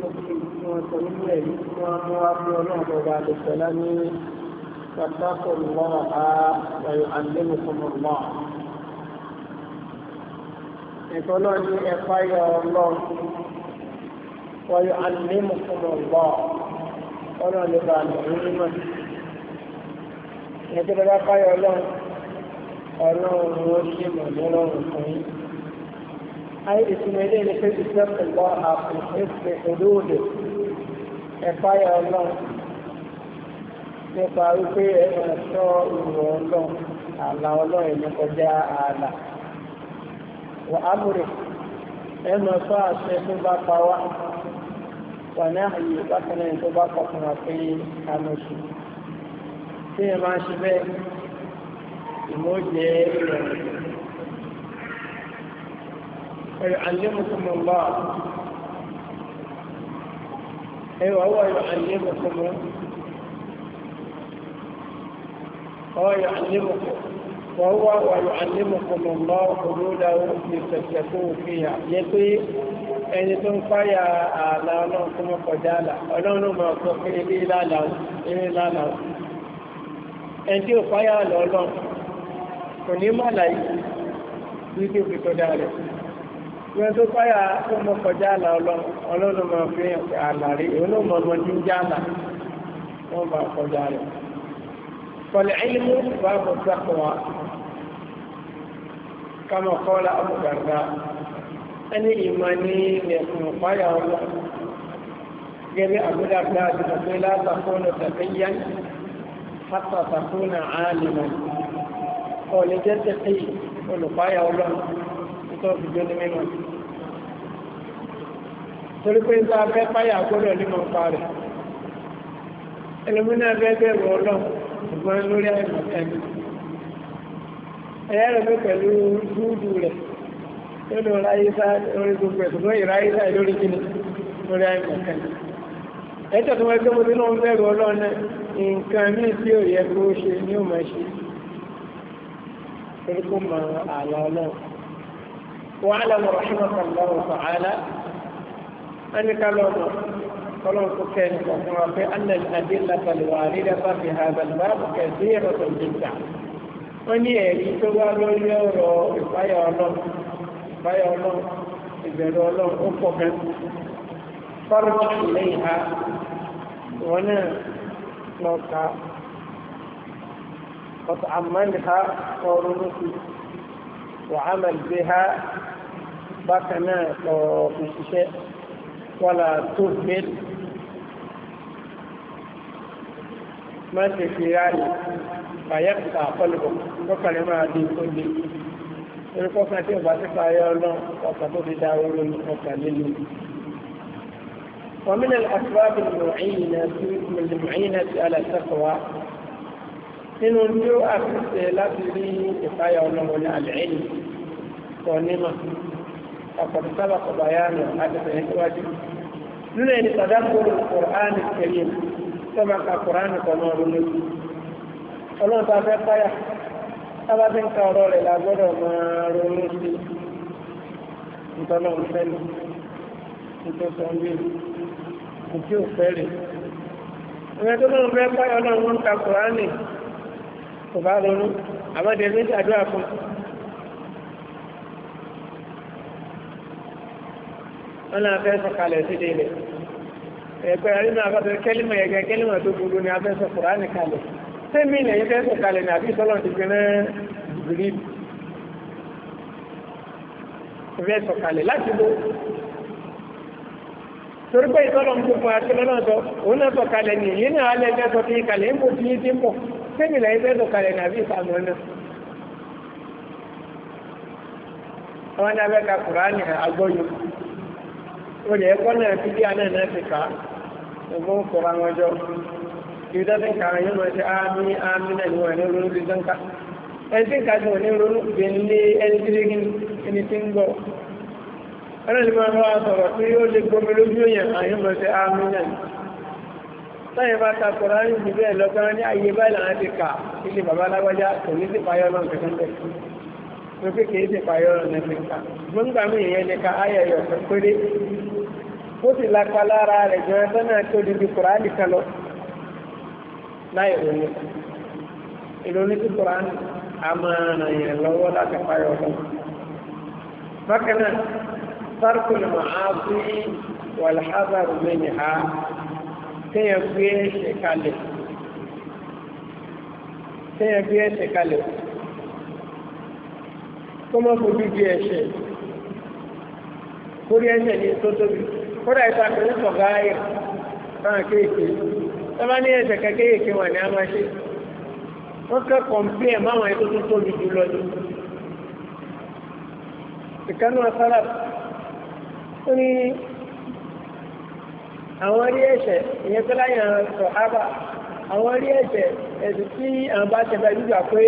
tí wọ́n sọ nínú ẹ̀rí tí wọ́n mú wá fún ọlọ́run ọba àdìsọ́lá ní pàtàkì lọ́wọ́ a ẹ̀rọ àdéhùn fún ọmọ. ẹ̀kọ́ náà ní ẹ̀fá yọ ọlọ́run wọ́n yọ àdéhùn fún ọmọ ọlọ́run lè bá àmì ní mímọ́. ẹ̀kọ́ náà bá yọ ọlọ́run ọlọ́run ló ṣe mọ̀ lọ́rùn fún yín. أي اسمعيني لكي تتقي الله في حفظ حدوده ẹ̀fáyà ọlọ́run nípa wípé ẹ̀rọ ṣọ́ ìwọ̀ ọlọ́run ààlà ọlọ́run ní kọjá ààlà wà á múrè ẹnu ẹ̀fọ́ àṣẹ tó bá pa wá wà ní àyè bákan tó bá kọkàn pé àmì oṣù tí ẹ máa ṣe bẹ́ẹ̀ ìmọ̀ jẹ́ ìrọ̀lẹ́ فيعلمكم الله أيوة هو يعلمكم هو يعلمكم وهو ويعلمكم الله حدوده لتتقوا فيها يقول ẹni tó ń fáyà ààlà ọlọ́run tó mọ́ kọjá àlà ọlọ́run mọ̀ ọ̀pọ̀ pé ilé ìlànà ilé ìlànà ẹni tí ó fáyà ààlà ọlọ́run kò ní mọ̀ àlàyé bí tó fi kọjá rẹ̀ ìwọ̀n tó páyà tó mọ kọjá àlà ọlọ́run máa fi àlà rí òun ló mọ ọmọdé ń já àlà wọ́n bá kọjá rẹ̀. Fọlẹ̀ ẹ̀lìmú bá mọ̀ sákọ̀ wa kama kọ́lá Abu Darda ẹni ìmọ̀ ní lẹ́kùn páyà ọlọ́ tó fi jó ní mímọ̀ torí pé ń ta fẹ́ páyà gbọ́dọ̀ nímọ̀ pa rẹ̀ ẹlòmínà fẹ́ bẹ̀rù ọlọ́run ṣùgbọ́n lórí àìmọ̀tẹ́ni ẹ̀yà rẹ̀ pẹ̀lú dúdú rẹ̀ lórí ọláyíṣá lórí gbogbo ẹ̀sùn ìráyíṣá lórí kíni lórí àìmọ̀kan ẹjọ́ tó wọ́n gbé mo nínú bẹ̀rù ọlọ́ọ̀nà nǹkan ní tí ò yẹ kó ṣe ní òmà ṣe orúkọ mọ àlà ọlọ́ọ̀ واعلم رحمك الله تعالى أن لوم كلام كفين في أن الأدلة الواردة في هذا الباب كثيرة جدا وني سوالو اليوم في فيولو في ọlọ́run ó pọ̀ bẹ́ fọ́rọ̀ ilé ìhà wọn náà lọ ka ọ̀tọ̀ bákan náà lọ́rọ̀ òṣìṣẹ́ wọ́la tó gbé mọ́sí fi ráyè fàyẹ́pùtà àpọ́lùbọ̀ lọ́kàlẹ̀ máa di tó lé orúkọ kan tí ìgbà tí fàyẹ ọlọ́run ọkà tó fi dáwọ́ lórí ọkà lílu ومن الأسباب المعينة على التقوى nínú tí ó àfihàn láti rí ìfáyà ọlọ́run ní فقد سبق بيان هذا الواجب من أن تدبر القرآن الكريم كما القرآن كما رمز الله تعالى قال أبا بن كارول إلى غير ما رمز nítorí ọ̀hún fẹ́lẹ̀ nítorí ọ̀hún bí ìjọ fẹ́lẹ̀. Ìwẹ̀ tó lọ́rùn fẹ́ báyọ̀ náà wọ́n ń ka Kùránì kò wọ́n náà fẹ́ sọ̀kalẹ̀ sí délẹ̀ ẹ̀pẹ́ nínú àbátọ̀ kẹ́límọ̀ yẹ̀gẹ́ kẹ́límọ̀ tó gbogbo ni a fẹ́ sọ Kùránì kalẹ̀ sẹ́mi ilẹ̀ yìí fẹ́ sọ̀kalẹ̀ ní àbí sọ́lọ́ ti gbẹ́ Jibril fẹ́ sọ̀kalẹ̀ láti bó torí pé ìtọ́lọ̀ ń gbogbo àti lọ́nà sọ òun náà sọ̀kalẹ̀ ní yìí náà alẹ́ fẹ́ sọ ti kalẹ̀ ń bò tí yìí ti ń Kùránì àgbọ́yọ̀ olè ẹ̀kọ́ náà fi bí aná náà ti kà á ẹ̀gbọ́n kọ̀ọ̀rọ̀ àwọn ọjọ́ ibi tó yóò máa ṣe ámì ámì náà ni wọ́n ní ronú ti ẹni tí wọn ní ronú gbé ní ẹni tí ń ẹni tí ń gbọ́ ẹni tí wọ́n bá sọ̀rọ̀ pé ó lè gbomi lójú èèyàn àyè máa ṣe ámì náà sáyẹn bá ta kọ̀ọ̀rọ̀ àyè jù bẹ́ẹ̀ lọ́gbọ́n ní ayé báyìí làwọn ti kà ilé bàbá alágbájá kò ní sí bó ti lapa lára rẹ̀ jọ ẹgbẹ́ náà tó di bí kùránì kan lọ láì ronú ìrònú tí kùránì a máa ràn yẹn lọ́wọ́ láti parí ọ̀dọ́. bákan náà sárkùn màá sí wàlhábà rùmẹ́nì ha téèyàn gbé ẹsẹ̀ kalẹ̀ téèyàn gbé ẹsẹ̀ kalẹ̀ kó má fojú di ẹsẹ̀ kórí ẹsẹ̀ ní tó tóbi kódà ìta pẹ̀lú sọ̀gá ayé náà kéèké tó bá ní ẹ̀sẹ̀ kéèké wà ní amáṣe wọ́n kẹ́ kọ̀m̀pé ẹ̀ máwọn ètò tó tóbi jù lọ ní. ìkànnì ọ̀sára ó ní àwọn rí ẹ̀sẹ̀ ìyẹn tó láyé àwọn sọ̀hábà àwọn rí ẹ̀sẹ̀ ẹ̀sùn tí àwọn bá ṣẹlẹ̀ nígbà pé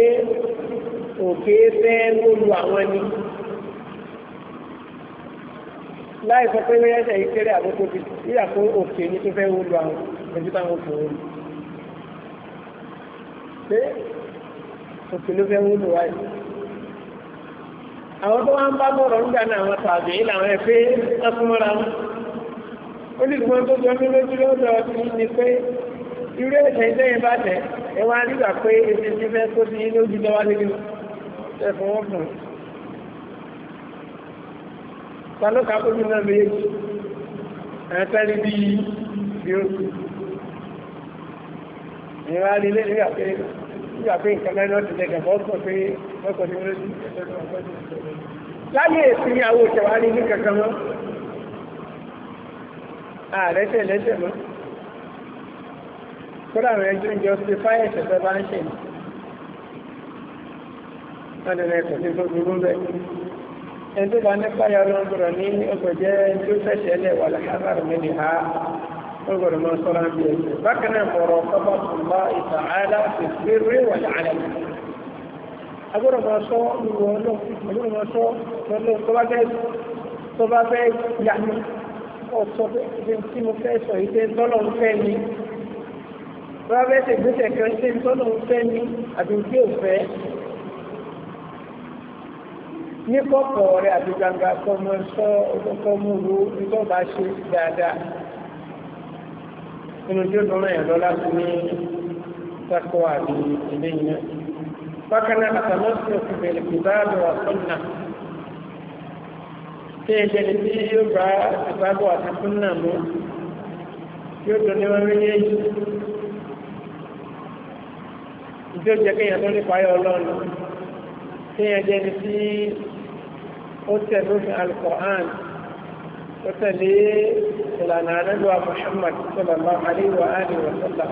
òkè fẹ́ ń lu àwọn ni. láì sọ pé lóyún ẹ̀ṣẹ̀ yìí kéré àbó yíyà pé òkè ní tó fẹ́ wó àwọn ojú òkè wó pé òkè ló fẹ́ wó ọrụ wáyé. àwọn tó wá bá bọ̀rọ̀ ń àwọn ọkùnmọ́ra wọn. ó tó jọ lójú lọ́dọ̀ ni pé irú bá tẹ̀ ẹ wá nígbà pé ètò ìṣẹ́fẹ́ tó ti lójú lọ́wọ́ ta ló kápẹ́ mi náà méjì ẹ̀ẹ́tẹ́rí bí i oṣù ìrìn àrí ilé ìrìn àpé ìrìn àpé nǹkan mẹ́rin ọ̀tí lẹ́gẹ̀ bọ́ọ̀kọ̀ pé ọkọ̀ ní orí láyé èsì ní àwọn òṣèwà ní ní kankan mọ́ ààrẹ tẹ̀ lẹ́sẹ̀ kódà rẹ̀ jọ ń jọ sí fáyẹ̀sẹ̀ tó bá ń ṣe ní ọ̀nà ẹ̀kọ́ ní gbogbo bẹ́ẹ̀ ẹ̀dọ́ bá nípa ya lọ́gbọ̀rọ̀ ní ọgbẹ̀jẹ́ tí ó fẹ́ṣẹ̀ lẹ̀ wà láhàbàrù mẹ́lì ha lọ́gbọ̀rọ̀ máa sọ́ra bí ẹ̀ bákan náà mọ̀rọ̀ kọ́bà tùmbá ìtàhálà fèrè wà láhàlà agbọ́dọ̀ máa sọ lùwọ́ náà agbọ́dọ̀ máa sọ lọ́lọ́ tó bá fẹ́ tó bá fẹ́ ṣe ń tọ́lọ́ ń fẹ́ mi àbí tí ní kọ́kọ́ rẹ̀ àti gbangba kọmọ sọ ọkọ̀ mú wo nígbà bá ṣe dáadáa inú tí ó dọ́rọ̀ yẹn lọ́la fún ní sákọ̀ àti ilé yìí náà bákan náà àtàwọn sí òkú bẹ̀rẹ̀ kì bá lọ àtúnnà tí ẹ jẹ́ tí yóò bá ìbábọ̀ àtúnnà mú yóò dọ̀ ní wọn méjèèjì ìjọ jẹ́ kéèyàn tó nípa ayọ̀ ọlọ́run kéèyàn jẹ́ ní tí ó tẹ̀lé òfin alukur'an ó tẹ̀lé ìlànà anábíwá muhammad sallallahu alayhi wa alihi wa sallam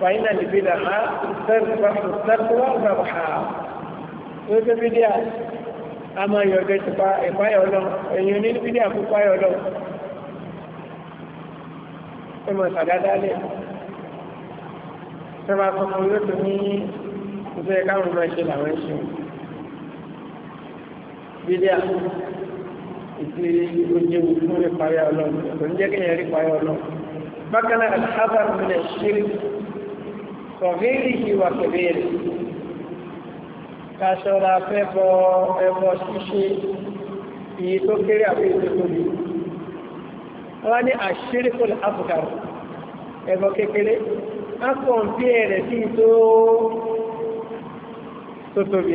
fàyínà níbi dàá ìsẹ́rùbá rọ̀bà ó tẹ́ bídíà a máa yọ ọjọ́ ìtìpa ìpáyọ̀ lọ èyí ní bídíà fún páyọ̀ bídíà ìpínlẹ̀ oúnjẹ òkú rí parí ọlọ́run kò ní jẹ́ kí ẹ̀rí parí ọlọ́run bákan náà alhazar mílẹ̀ ṣírí kọ̀gẹ́rì ìwà kẹ̀gẹ́rì káṣọ́ra fẹ́ bọ ẹbọ ṣíṣe iye tó kéré àbí ètò tóbi wọ́n ní àṣírí fún africa kékeré á kọ̀ ń bí ẹ̀rẹ̀ sí tó tóbi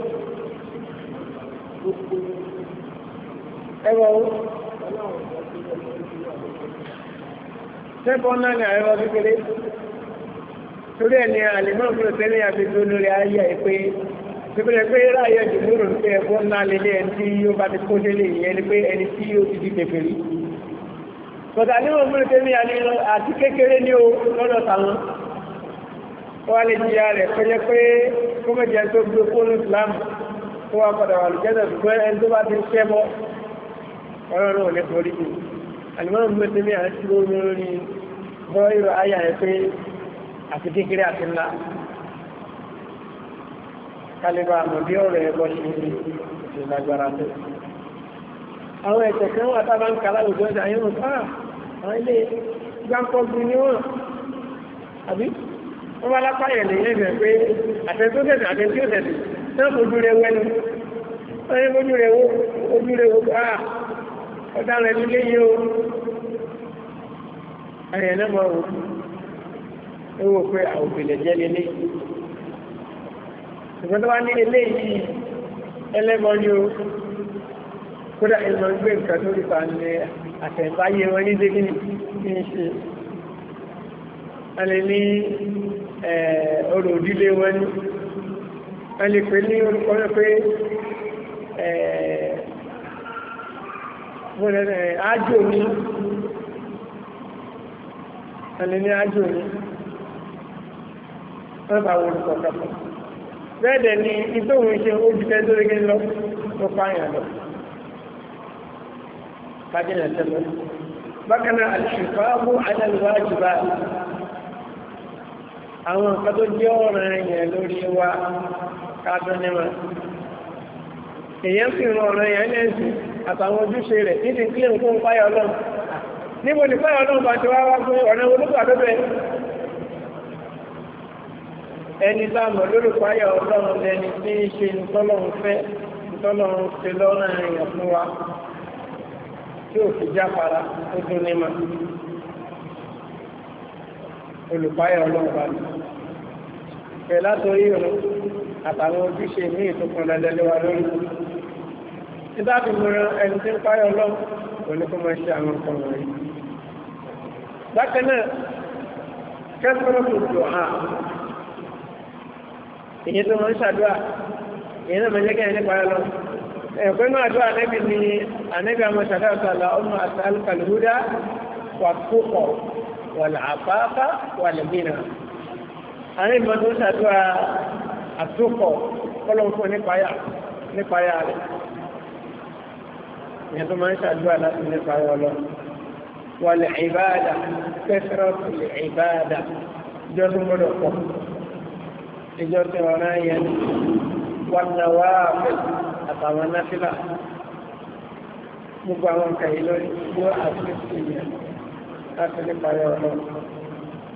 ẹwọ o sẹ́kọ̀ọ́ náà ni àyẹ̀wò kékeré torí ẹ̀ ní àlèmọ́ òfin tẹ́lẹ̀ àfihàn olórí ayé ẹ̀ pé síbílẹ̀ pé ráyẹ̀ jùmúrò ń pé ẹ̀kọ́ náà lélẹ̀ ẹni tí yóò bá ti kó délé ìyẹn ni pé ẹni tí yóò ti di kékeré bọ̀dà ní òun múlẹ̀ tẹ́lẹ̀ àti kékeré ní tó wá padà wà lùjẹ́dẹ̀ pé ẹni tó bá ti ń ṣẹ́ bọ́ ọ̀rọ̀ náà lè forí jù àlùmọ́nà mi ti ní àti lórí lórí bọ́ ìrọ̀ ayà ẹ̀ pé àti kékeré àti ńlá kálíbà àmọ́ bí ọ̀rọ̀ ẹ̀ bọ́ ṣe ṣe lágbára tó àwọn ẹ̀sẹ̀ kan wà tá ń kàlá òjò ọjà yẹn wọn káà ah, àwọn ilé gbáǹkọ́gbù ni wọ́n àbí wọ́n bá lápá yẹn lè yẹn bẹ̀ pé àtẹ̀tó tẹ̀sẹ̀ àtẹ̀tó tẹ̀sẹ̀ náà fojú rẹ̀ wẹ́nu wọ́n ní fojú rẹ̀ wo ojú rẹ̀ wo gbà ọ̀daràn ní léyìí o ayẹ̀ náà máa wò ó wò pé àwòbìlẹ̀ jẹ́ lélẹ́ ìgbọ́n tó bá ní eléyìí ẹlẹ́mọ́ ni o kódà ìmọ̀ ń gbé nǹkan tó rí fa ní àtẹ̀báyé wọn ní dégí ní ṣe a lè ní ọ̀rọ̀ òdílé wọn ní wọ́n lè pè ní orúkọ náà pé ájò ní ẹni ní ájò ní wọ́n bá wo orúkọ kẹfọ́ bẹ́ẹ̀ dẹ̀ ni ìtòhun ṣe ojú tẹ́ tó régé lọ tó pààyàn lọ bájẹ́nà tẹ́lẹ̀ bákan àṣìfà fún adálùwájú bá àwọn nǹkan tó jẹ́ ọ̀ràn yẹn lórí wa káàtó nímọ̀ èyàn sì ràn ọ̀rọ̀ èyàn lẹ́sìn àtàwọn ojúṣe rẹ̀ nídìí kí lèun fún páyọ̀ níbo ni páyọ̀ náà bá ti wá wá fún ọ̀nà olúkà tó bẹ̀ ẹni bá mọ̀ lórúkọ ọlọ́run lẹni tí ń ṣe ìtọ́lọ́run àtàwọn ojúṣe ní ìtòkùn dandẹlẹ́wà lórí títà fi múra ẹni tí ń páyọ lọ kò ní kó máa ṣe àwọn nǹkan wọ̀nyí bákan náà kẹ́kọ̀ọ́ kò tó hàn ìyẹn tó máa ń ṣàdúrà ìyẹn náà máa ń jẹ́ kí ẹni páyọ lọ ẹ̀kọ́ inú àdúrà anẹ́bí ni anẹ́bí àwọn ṣàdáwà sàlá ọmọ àtàlù kàlùhúdà wà kókọ̀ wà làáfáfá wà lẹ́gbìnà àwọn ìmọ̀ tó ṣàdúrà àtúkọ̀ kọ́lọ́n fún nípayà nípayà rẹ̀ ìyẹn tó máa ń ṣàdúrà láti nípayà ọlọ́ wà lè ìbáàdà kẹsìrọ̀ lè ìbáàdà ìjọ tó gbọ́dọ̀ pọ̀ ìjọ tó ọ̀rá yẹn wà náwà àtàwọn náfìlà gbogbo àwọn nǹkan lórí gbọ́ àtúntò yẹn láti nípayà ọlọ́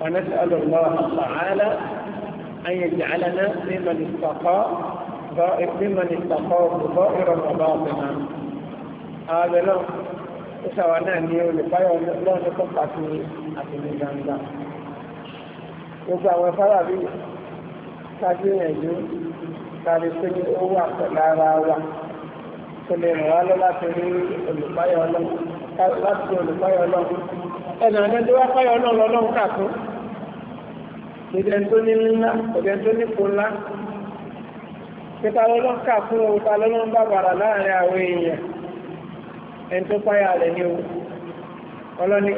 wọn náà أن يجعلنا ممن استقى ممن استقى ظاهرا وباطنا هذا لهم سواء ní olùpáyọ̀ lọ́nà tó pàtó àtìlẹ̀ gbangba gbogbo àwọn fara bí kájúyànjú kárí pé ní ó wà lára wa tó lè ràn wá lọ láti rí olùpáyọ̀ lọ́nà láti olùpáyọ̀ lọ́nà ẹnà ọ̀nà tó wá páyọ̀ lọ́nà lọ́nà kàtó ìdẹ̀ tó ní ńlá ìdẹ̀ tó ní kò ńlá pípa lọ́lọ́n fún ohun pa lọ́lọ́n bá bàrà láàrin àwọn èèyàn ẹni tó páyà rẹ̀ ní ọlọ́ni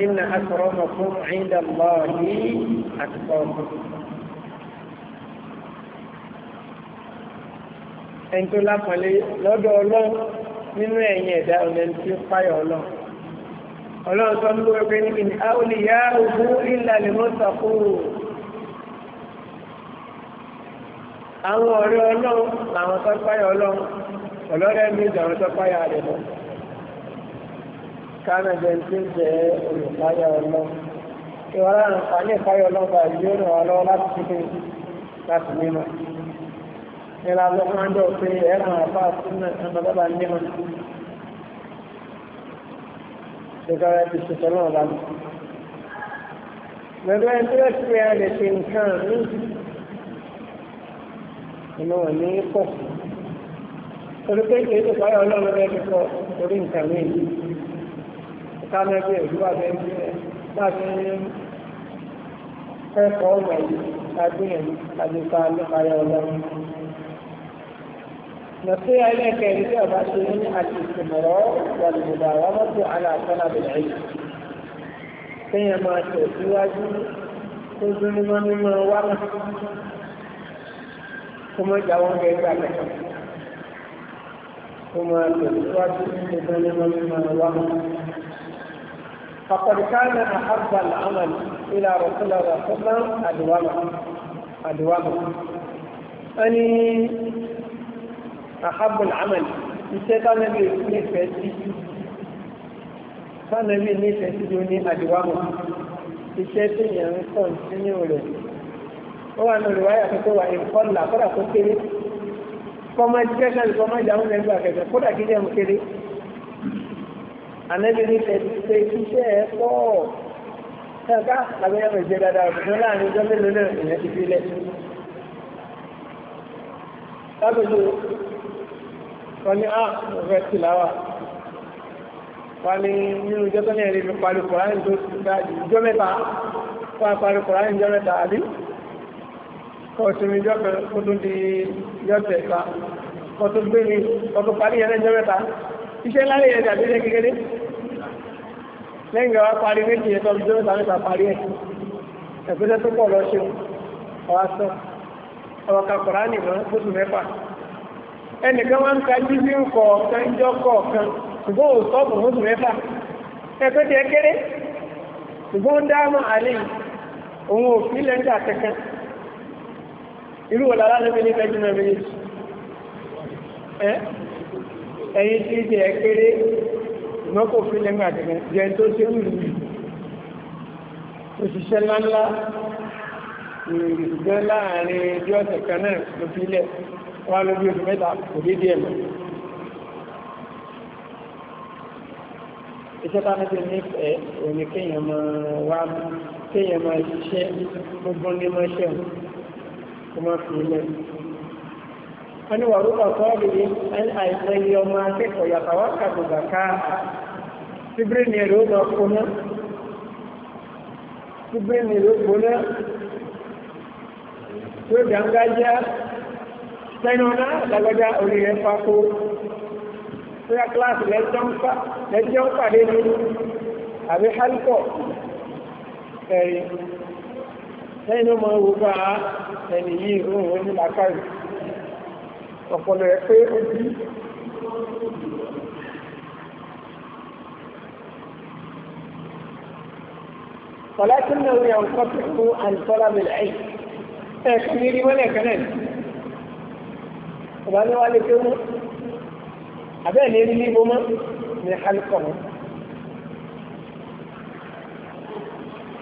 ń àwọn ọ̀rẹ́ ọlọ́run làwọn tó páyà ọlọ́run ọlọ́rẹ́ mi jàwọn tó páyà rẹ̀ lọ kánàjẹ tí ń jẹ́ olùpáyà ọlọ́run ìwọ́n láàrín pàní ìpáyà ọlọ́run bá yóò ràn wá lọ́wọ́ láti fi fún láti mímọ̀ ìlà lọ́kàndọ̀ pé ẹ̀ràn àpá sínú ẹ̀ràn bàbá mímọ̀ inú wọn ní pọ̀ torí pé kìí ṣe báyọ̀ ọlọ́run rẹ̀ ti kọ orí nǹkan mi yìí ká mẹ́bí ẹ̀dú àbẹ́ láti kẹ́kọ̀ọ́ ọ̀nà yìí lágbìyànjú láti pa nípa ayọ̀ ọlọ́run. نصيحة إليك يا باشرين الاستمرار والمداومة على طلب العلم. كما تسواجي تظلم مما ورث kó mọ́ ìjà wọn bẹ̀rẹ̀ gbà lẹ́kọ̀ọ́ kó mọ́ tẹ̀síwájú nígbà ní wọn ní máa wá. فقد كان أحب العمل إلى رسول الله صلى الله عليه وسلم أدوامه أدوامه أني أحب العمل iṣẹ́ tánàbí nífẹ̀ẹ́ sí tánàbí nífẹ̀ẹ́ sí ní àdìwámọ̀ iṣẹ́ tí yẹn ń kọ̀ sínú rẹ̀ wọ́n wà lórí wáyà pípé wà ìkọlà kódà kó kéré kọ́mọ jẹ́ káàdì kọ́mọ jà ń lẹ́nu àkẹ́kẹ́ kódà kí jẹ́ mu kéré. ànábi ní tẹ̀sí pé iṣẹ́ ẹ pọ̀ ṣáàká abẹ́yẹ mi jẹ́ dáadáa òṣìṣẹ́ láàrin ọjọ́ mélòó náà ìyẹn ti fi lẹ̀. lábẹ́jọ́ wọn ní á ah, mo fẹ́ tì láwà wọn ní nínú ìjọ́ tó ní ẹ̀rí mi parí kùránì tó ti gbà ìjọ́ mẹ́ta wọn parí kùránì ìjọ́ mẹ́ta àbí òsìmí jọ́kẹ̀ kó tó di jọ́kẹ̀ ta kó tó gbé mi kó tó parí ẹ̀rẹ́ jọ́ mẹ́ta iṣẹ́ ńlá lè yẹ tàbí iṣẹ́ kékeré lẹ́yìn ìgbà wa parí méjì yẹn tọ́jú jọ́ mẹ́ta mẹ́ta parí ẹ̀ ẹ̀gbẹ́sẹ̀ tó pọ̀ lọ ṣe ọ̀wá sọ ọ̀rọ̀ ka Kùránì mọ́ fóṣù mẹ́fà ẹnìkan wá ń ka jíjí ń kọ̀ ọ̀kan jọ́ kọ̀ ọ̀kan ṣùgbọ́n ò sọ́ọ̀bù fóṣù mẹ́fà ẹ̀kọ́ tiẹ̀ kéré ṣùgbọ́n ó dá mọ́ irú wọ̀lá lálẹ́bí ní fẹ́jú mẹ́rin ní ẹ̀yìn tí jẹ́ kéré ìmọ́kò fún lẹ́gbà àtẹ̀gẹ̀ jẹ́ tó ṣe ń rú òṣìṣẹ́ ńláńlá ìrìnlẹ́ láàrin bí ọ̀sẹ̀ kan náà ló fi lẹ̀ wá lórí oṣù mẹ́ta kò dé díẹ̀ mọ́ iṣẹ́ tá ti ní ẹ̀ òní kéèyàn máa wá kéèyàn gbogbo ní mọ́ ṣẹ́wọ̀n kó má fi lẹ̀. wọ́n ní wàrúkà sọ́ọ̀lù yìí àìsàn iye ọmọ akẹ́kọ̀ọ́ yàtọ̀ wá kàdùgbà ká síbírìnì ẹ̀rọ lọ kóná síbírìnì ẹ̀rọ kóná tó dàngájá sẹ́nọ́nà lágbájá orí pàkó tó yá kíláàsì lẹ́jọ́ ń pàdé ní àbí hálùkọ̀ ẹ̀yìn lẹ́yìn ọmọ ìwògbà ẹni yìí rúrùn ó ní làkàrí ọ̀pọ̀lọ̀ ẹ̀ pé ó bí ولكن ينقطع عن طلب العلم تكبير ولا كلام وبعدين قال كده أبان يلي بما من حلقهم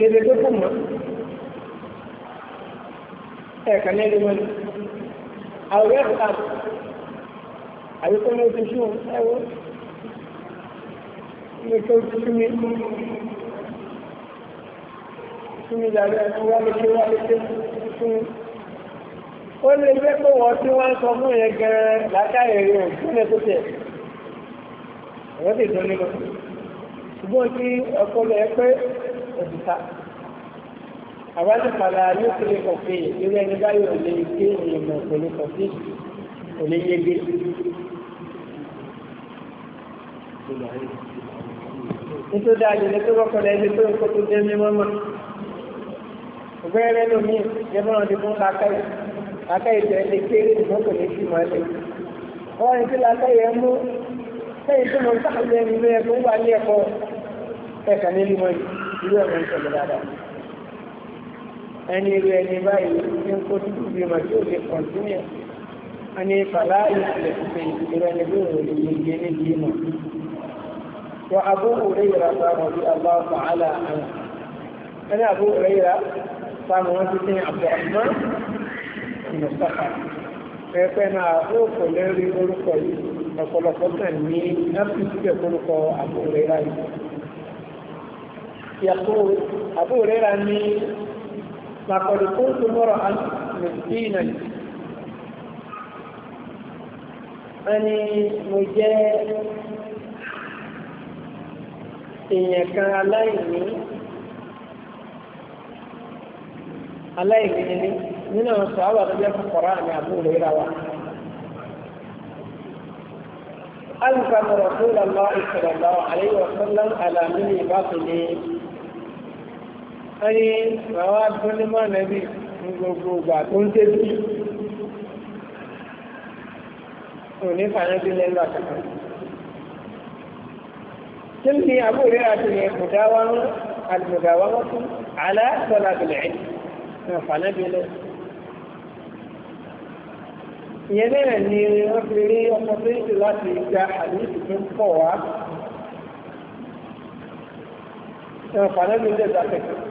كده كده ẹ̀ẹ̀kan ní ẹgbẹ́ mọ́ni àwòrán ẹ̀kọ́ àbò àyíkọ́ ní oṣù ṣùgbọ́n ẹ̀wọ́ ní kí oṣù ṣú mi ṣú mi dàbí ẹ̀kọ́ wá lè ṣe wá lè ṣe ṣú mi. ó lè jẹ́ pé wọ́n tí wọ́n ń sọ fún yẹn gan látàrí rẹ̀ òṣìṣẹ́ tó tẹ̀ ẹ̀rọ tètè nínú ṣùgbọ́n tí ọpọlọ ẹ pé òṣìṣà àwọn ìpàdà yóò fi lè kọ̀fí ìlú ẹni báyìí ò lè gbé ìrìnà pẹ̀lú kọ̀fí ò lè yege. nítorí àjò ní pé wọ́pọ̀ lẹ́yìn pé nǹkan tó dé ní mọ́mọ́ ọgbẹ́rẹ́ lómi ìjẹba náà ti fún lákàyè lákàyè tẹ̀ lè kéré ìgbọ́n kò ní sí mọ́lẹ̀. wọ́n ní kí lákàyè ń mú lẹ́yìn tó mọ̀ ń sàkóso ẹni lóyẹ tó ń wà ní ẹ̀kọ́ ẹ̀ka nílùú mọ́ ìlú ẹ̀rọ ń sọ̀rọ̀ dáadáa ẹni irú ẹni báyìí tí ń kó títí bí ọmọ tí ó lè kọ̀ntínú ẹni fàlá ìṣẹ̀lẹ̀ ìṣẹ̀ ìṣẹ̀lẹ̀ ẹni bí òun lè gbé níbi ìmọ̀. wọ Abu Hurairah sáwọn bí Allah ta'ala àwọn ẹni Abu Hurairah sáwọn wọn ti sin Abdurrahman ìmọ̀sáfà pẹ́pẹ́ náà ó kò lẹ́rí orúkọ yìí ọ̀pọ̀lọpọ̀ kan ní áfíríkà orúkọ Abu Hurairah yìí. yàtọ̀ Abu Hurairah ní لقد كنت مرأة مسكينا ẹni mo jẹ́ èèyàn kan aláìní aláìní níní nínú ọ̀sán àwọn àtọ́jọ́ kọ̀ọ̀rọ̀ àmì àbúrò ìra wa. ألزم رسول الله صلى الله عليه وسلم على مني باطني wọ́n ní bàbá tó ní mọ́ nẹ́bí ní gbogbo ìgbà tó ń tẹ́jú kò ní fàánẹ́bí lẹ́nu àtàkà tí ní àbúrẹ́ àti ní mùdáwọ́n àdìmùdáwọ́n tún aláàtọ́lá bìlẹ̀ ẹ̀ ní fàánẹ́bí lẹ́nu ìyẹn náà ni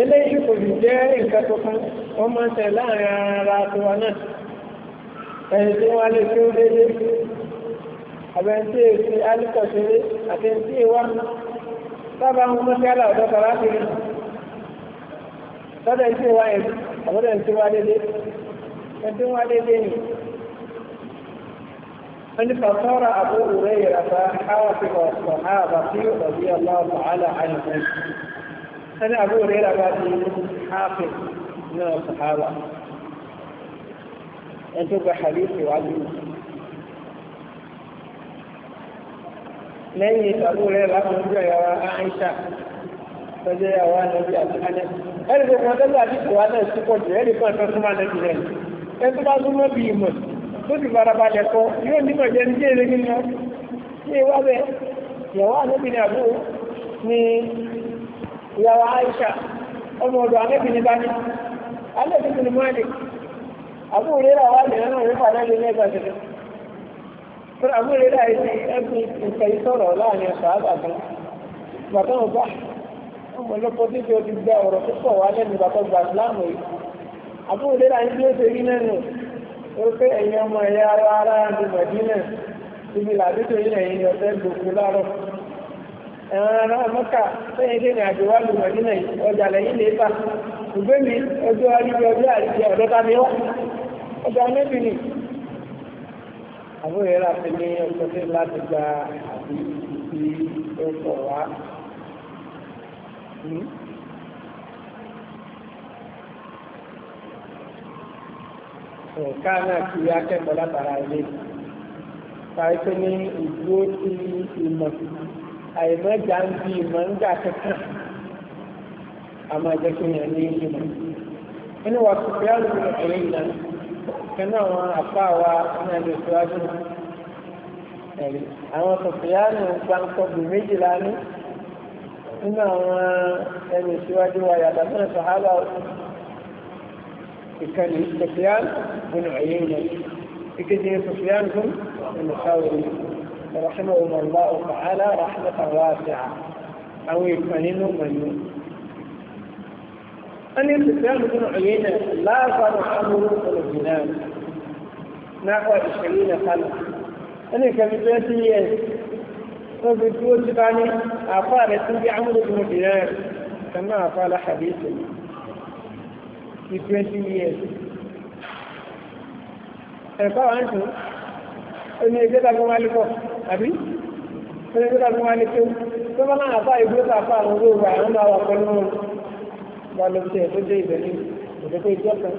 eléyìí kò sì jẹ́ nǹkan tuntun wọ́n máa ń tẹ̀ láàrin ara tiwa náà ẹni tí wọ́n lè fi ó déédéé àbẹ̀ntí èsì alìkọ̀ṣeré àtẹ̀ntí ìwà sábà ń mọ́ṣálà ọ̀dọ́ tàbá kiri sọ́dọ̀ ìsì ìwà ẹ̀dù àbọ̀dọ̀ ìsì ìwà déédéé ẹ̀dù wà déédéé nì wọ́n ti fàṣọ́ra àbúrò rẹ̀ yẹ̀rẹ̀ fà áwà sí ọ̀sán àbàtí ẹni àbúrò rẹ̀ rà ti hafi náà sàhábà ẹni tó gba hadithi wá bí lẹ́yìn àbúrò rẹ̀ rà fún ìjọ ìyàwó Aisha tọ́jú ìyàwó ànábi àti anẹ́ ẹni tó kàn tọ́jú àti ìwà náà sí pọ̀ jù ẹni kan tó súnmọ́ ànábi rẹ̀ ẹni tó bá súnmọ́ bí ìmọ̀ tó ti farabalẹ̀ kọ yóò nímọ̀ jẹ́ ní jẹ́ ìrẹ́gbẹ̀ẹ́ ní ìwà bẹ́ẹ̀ ìyàwó ànábi ni àbúrò ní ìyàwó Aisha ọmọ ọ̀dọ̀ alẹ́bìnrin bá ní alẹ́bìnrin àbúrérà wà lè rán àbúrérà nǹkan ìsọ̀rọ̀ láàrin ọ̀sán ọba ọmọ ọlọ́pọ̀ tí ó ti gba ọ̀rọ̀ lẹ́nu yìí àbúrérà ó pé ẹ̀yin ọmọ ẹ̀yà ara ara ibi làbí ọ̀sẹ̀ gbòkú láàárọ̀ ẹ̀wọ̀n ará mọ́kà sẹ́yìn dé ní àjò wà lùmọ̀ nílẹ̀ ọjà lẹ́yìn lè fà ògbé mi ọjọ́ àríjẹ ọjọ́ àríjẹ ọ̀dọ́ta mi wá ọjà mẹ́bì ni àbúrò yẹn láti ní ọjọ́ tí láti gba àbí ìfi ẹ̀kọ́ wá nǹkan hmm? náà kí akẹ́kọ̀ọ́ látara ilé ta ẹ pé ní ìdúró sí ìmọ̀ àìmọ́jà ń bí ìmọ̀ ń gbà kankan a máa jẹ́ kí èèyàn ní ìmọ̀ inú wa kò fẹ́ àlùkò ẹ̀rẹ́ ìlànà kẹ́nà àwọn àpá wa náà lè síwájú ẹ̀rí àwọn sọ̀fìyánù gbáǹkọ́bù méjìlá ní nínú àwọn ẹni síwájú wa yàtọ̀ náà sàhábà ìkànnì sọ̀fìyánù gbọ́nà ẹ̀yẹ́ ìlànà ìkejì sọ̀fìyánù gbọ́nà ẹ̀mọ̀sáwòrán رحمهم الله تعالى رحمة واسعة أو يفننوا من أن الإسلام بن عيينة لا ظن أمره من الجنان نحو عشرين خلق أنا كبدأتي وبدوت بني أفارة بعمر بن الجنان كما قال حديثي في 20 years. And so ẹni ẹgbẹ́ tàbí wọn lè pọ̀ àbí ẹni ẹgbẹ́ tàbí wọn lè tó tó bá náà àfáà ìgbó tà fà àwọn àwọn pẹ̀lú wọn bá lọ sí ẹ̀tọ́ dé ìbẹ̀lẹ̀ òdòdó ìjọ kan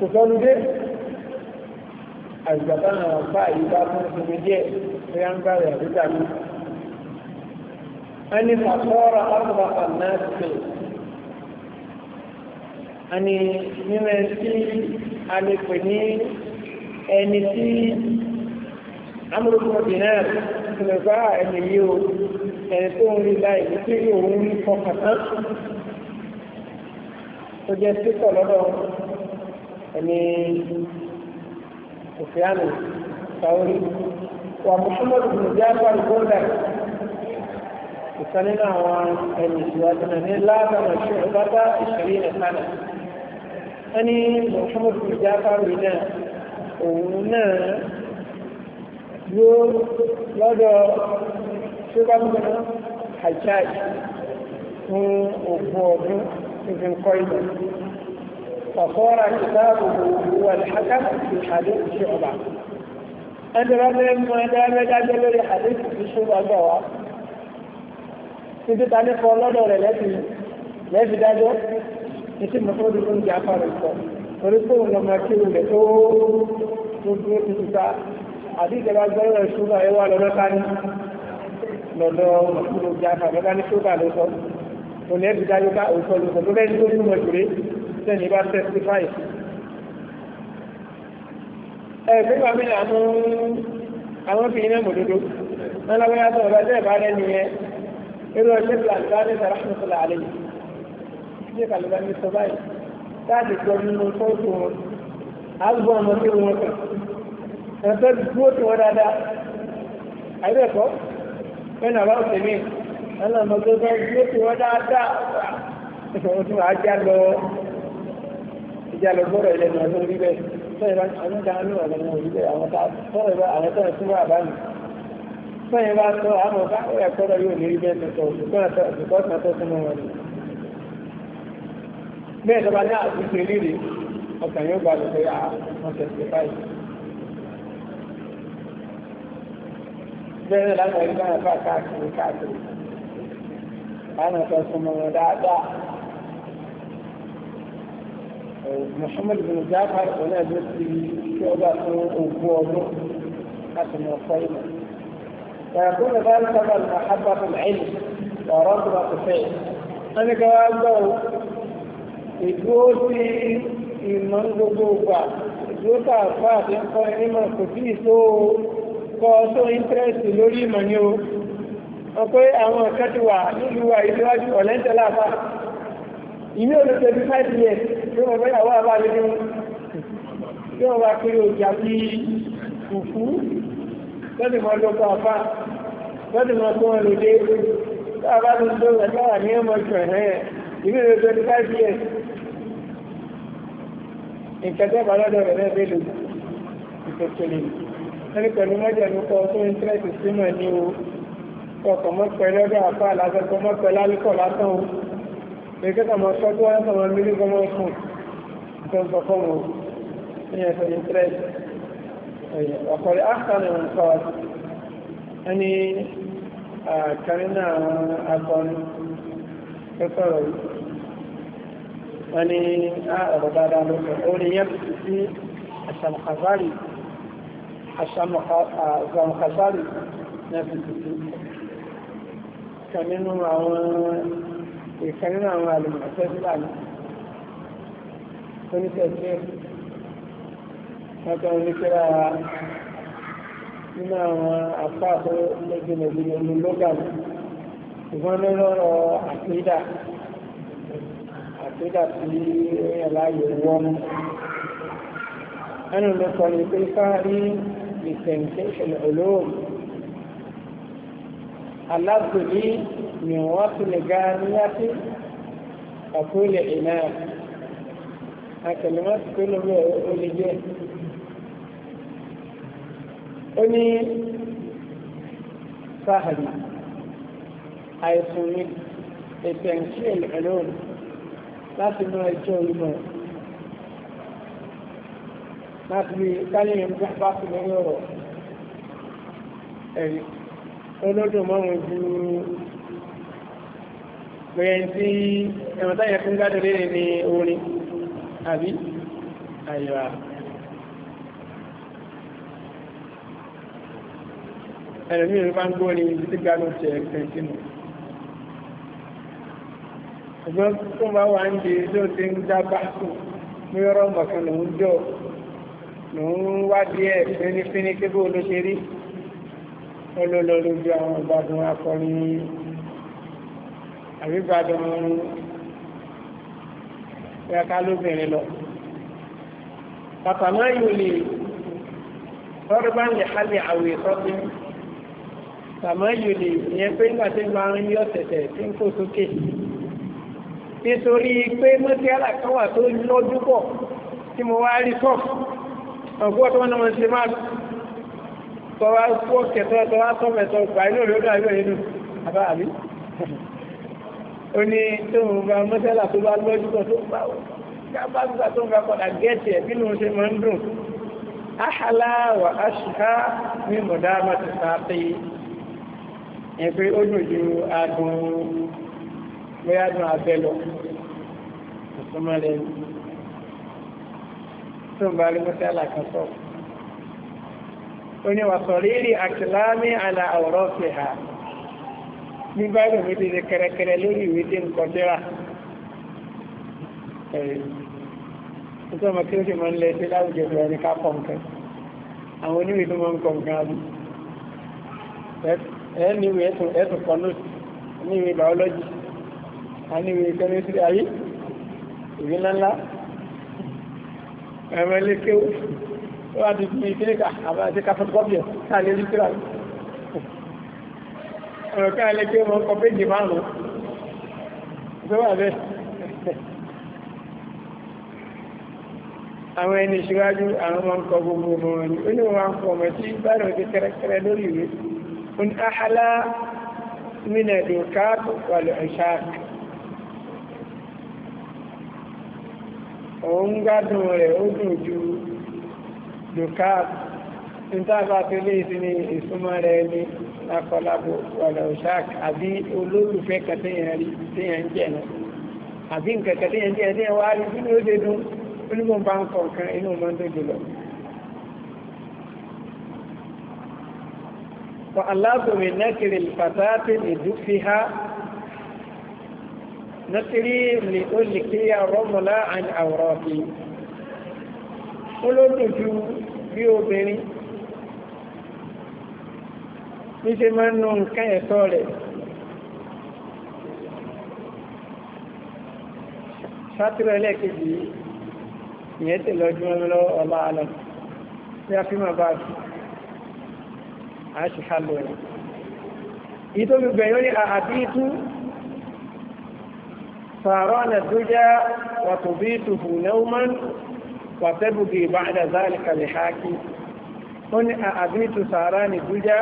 kò sọ́nu dé àgbà táwọn àfáà yìí fún ìsinmi díẹ̀ bóyá ń bá rẹ̀ àbí tàbí ẹni fàkọ́ra ọ̀pọ̀ àfààní ẹni nínú ẹni tí a lè pè ní ẹni tí amúlùkùn dìnnà ìgbà ẹni yìí o ẹni tó ń rí láì ní tí òun ń fọkàn tán tó jẹ́ sípò lọ́dọ̀ ẹni òfìànù sàórì wà mùsùlùmí ìgbìyànjú àgbàlù gómìnà ìkan nínú àwọn ẹni ìṣíwájú náà ní láàbàmà ṣe ọgbàgbà ìṣẹ̀lẹ̀ ìrẹ̀kánà ẹni mùsùlùmí ìgbìyànjú àgbàlù náà òun náà yóò lọ́dọ̀ ṣúgbàmùgbà hajjaj fún ogun ọdún ìfin kọ́ ìlú ọ̀fọ́ra ìsáàbùgbò wà ní haka ti hadith ṣe ọba ẹni rọ́bẹ̀ mọ́ ẹgbẹ́ lórí hadith ti ṣúgbàgbà wa títí ta ní fọ́ lọ́dọ̀ rẹ̀ lẹ́fi dájọ́ títí mọ́tòdì fún ìjà fàrẹ̀ sọ torí pé òun lọ́mọ kí òun rẹ̀ tó dúró títí àbí ìjọba gbọ́rọ̀ ṣúgbà ẹwà lọ́lọ́ká ní lọ́dọ̀ ọmọkúrò jáfà lọ́lọ́ká ní ṣúgbà ló sọ òní ẹ̀bí dájú ká òótọ́ ló sọ tó bẹ́ẹ̀ tó túmọ̀ ìpèrè sẹ́ni bá testify. ẹ gbégbá mi là ń àwọn obìnrin náà mòdodo wọn lọ bóyá sọ ọba tẹ́ẹ̀ bá rẹ nìyẹn irú ọjọ́ ìgbàlódé sara fún ìfọlá ẹ̀fẹ́ dúró tí wọ́n dáadáa àìbẹ̀kọ́ ẹ̀nà bá òkè mí ọlọ́mọ tó bá dúró tí wọ́n dáadáa ìfọwọ́ tí wọ́n á já lọ ìjà lọ gbọ́dọ̀ ilẹ̀ náà lórí bẹ́ẹ̀ sọ́yìn bá àwọn dáa ló wà lọ́wọ́ orí bẹ́ẹ̀ àwọn tá sọ́yìn bá àwọn tó ń tún wà báyìí sọ́yìn bá sọ àwọn bá ẹ̀ yóò ní àtúnṣe rírì ọkàn yóò balẹ̀ pé لا يمكن أن تكون كافر أنا كنت من الأعداء محمد بن جعفر ولا جسدي شعبة وقوضه حسن وصيبة فيقول ذلك من أحب العلم ورغبة فيه أنا قال له يقول في منذ جوفا جوفا فاتح فإنما كفيته kọ tó íńtírẹ́sì lórí ìmọ̀ ni o wọ́n pé àwọn kan ti wà nílùú wa ìléwájú ọ̀lẹ́ńtẹ́lá àbá ìmí ò lè tẹ̀lé five years tí wọ́n fẹ́ yàwó àbá lé ní tí wọ́n wá kiri òjà bí fùfú lọ́dún mọ́ lọ́kọ̀ àbá lọ́dún mọ́ tó wọn lòdè tó àbá ló ń tó rẹ̀ tó wà ní ọmọ ìtàn ẹ̀ ìmí ò lè tẹ̀lé five rẹ̀ náà bẹ́ẹ̀ ẹni pẹ̀lú mọ́jẹ̀mú kọ fún íńtírẹ́sì sínú ẹ̀ ní o kọkàn mọ́pẹ́ lọ́dọ̀ àpá àlásẹ̀kọ́ mọ́pẹ́ lálùkọ̀ látàn o lè kẹ́kọ̀ mọ́ sọ́jú wọn sọ̀rọ̀ mílí gọmọ́ fún tó ń sọ fún o ní ẹ̀sọ̀ íńtírẹ́sì ọ̀pọ̀lẹ̀ áṣàlẹ̀ ń sọ ni ọ̀rọ̀ dáadáa ló sọ orin yẹn sí àṣàmùkàṣàrì nẹ́fìtìtì kan nínú àwọn ìkan nínú àwọn àlùmọ̀ọ́sẹ́ fúlàní tó ní tẹ̀sí ẹ̀kọ́ ní kíra nínú àwọn àpáàkó lẹ́gbẹ̀lẹ́gbẹ̀ ní lógàmù ìwọ́n lọ́rọ̀ àpídà àpídà tí ẹ̀láyè wọ́n ẹnu lọ́kọ̀ ní pé fáà بتنسيق العلوم اللفظ لي من وصل جامعة أقول إمام الكلمات كلهم يقول لي أني سهل أي سمي بتنسيق العلوم لا تنسيق العلوم láti lè káyẹ̀ bá sí lórí ọ̀rọ̀ ẹ̀rí olódò mọ́rún ju pẹ̀yẹ̀ tí ẹ̀wọ̀n táyẹ̀ fún gádùn lérè ní orin àbí àyíwá ẹ̀rẹ̀mí ìlú bá ń gbọ́ ní ibi tí gádùn tẹ̀ ẹ̀kẹ́ sínú ẹ̀gbọ́n tó bá wà ń di tó ti ń dá bá sùn ní ọ̀rọ̀ mọ̀kan lòún jọ mò ń wádìí ẹ̀ fínífíní kébò ló ṣe rí olólò lójú àwọn ìgbàdùn akọrin àbígbàdùn ẹ̀ka lóbìnrin lọ pàtàmọ́ yìí lè tọ́rọ bá ń lè hálẹ̀ àwẹ̀ sọ́tí pàtàmọ́ yìí lè ìyẹn pé nígbà tí máa ń rí ọ̀tẹ̀tẹ̀ tí ń kó sókè nítorí pé mọ́tí alákọ̀wà tó lọ́dún pọ̀ tí mo wá rí sọ́ọ̀fù ọ̀gbọ́n tó wọ́n náà ṣe máa tọwá fún kẹtọ́ tọwá sọ́fẹ̀tọ́ gbà inú rẹ̀ ó dà ìlú inú àbá àbí ó ní tó ń gba mọ́sálà tó bá lọ́jú kan tó bá gbá gbà tó ń gba padà gẹ́ẹ̀tì ẹ̀ bínú ṣe máa ń tó ń bá rí mọ́sálà kan sọ ó ní wàsọ̀ rírì àkìlámì àlà àwòrán fi hà ní báyìí mi ti ṣe kẹrẹkẹrẹ lórí ìwé tí nǹkan jẹ́ra nítorí ọmọ kí ó sì máa ń lẹ sí láwùjọ ìgbà ní ká pọ̀ nǹkan àwọn oníwèé tó máa ń kọ ẹ̀rọ ilé kéwú ó wá di bí kíní ká àbá àti káfíńtì kọ́pì ẹ̀ káà lè rí kíra lọ. ọ̀rọ̀ káà lè kéwú ọkọ̀ péjì márùn-ún tó wà bẹ́ẹ̀. àwọn ẹni ìṣíwájú àwọn ọmọ nǹkan gbogbo ọmọ wọn ni ó ní wọn kọ ọmọ tí báyìí ti kẹrẹkẹrẹ lórí ìwé. ń ahàlá mí òun gbádùn rẹ̀ ó dùn ju dukat nítàbà tó lè sí ní ìsúnmọ́ rẹ̀ ní akọlábò wàlẹ̀ òṣàk àbí olólùfẹ́ kàtẹ́yàn rí téyàn jẹ́ rí nẹ́kìrì fàtàtì ìdúfihá نتري لألقي الرمل عن أوراقي olódòdó bí obìnrin ní ṣe máa ń nu nǹkan ẹ̀tọ́ rẹ̀ sátúrọ̀ ẹlẹ́ẹ̀kejì ìyẹn tè lọ́jọ́ lọ ọlá alọ́ tí a fi máa bá fi a ṣe ìtòlùgbẹ̀yọ́ ni àbí tún فأران الدجى وتبيته نوما وتبقي بعد ذلك لحاكي وني أبيت ساران الدجى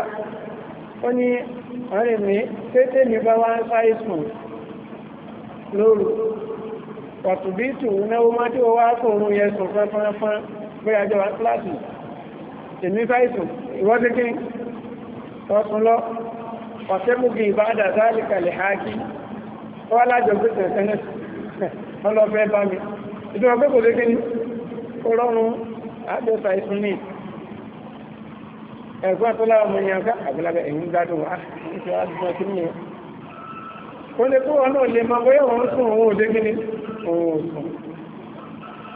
وني أرمي تتني بوان سايسمو lóru ọ̀tùbítù náwó má tí ó wá kòrò yẹ sùn fẹ́fẹ́fẹ́ bóyá jọ wá kíláàsì èmi fáìsù ìwọ́díkín tọ́sùn lọ ọ̀tẹ́mùgì ìbádà záàlìkà lè hákí wọ́n lájọ pé tẹ̀sẹ̀ náà wọ́n lọ fẹ́ bá mi ìdúrà pé kò lékè ní ọlọ́run àjọsà ìsún ní ẹ̀gbọ́n tó láwọn ọmọ yẹn ká àgbàlagbà ẹ̀yìn gbádùn wá ìṣe àdúgbò sí ní ó lè kó wọn náà lè máa bóyá wọn sùn òun òde gíní òun òsùn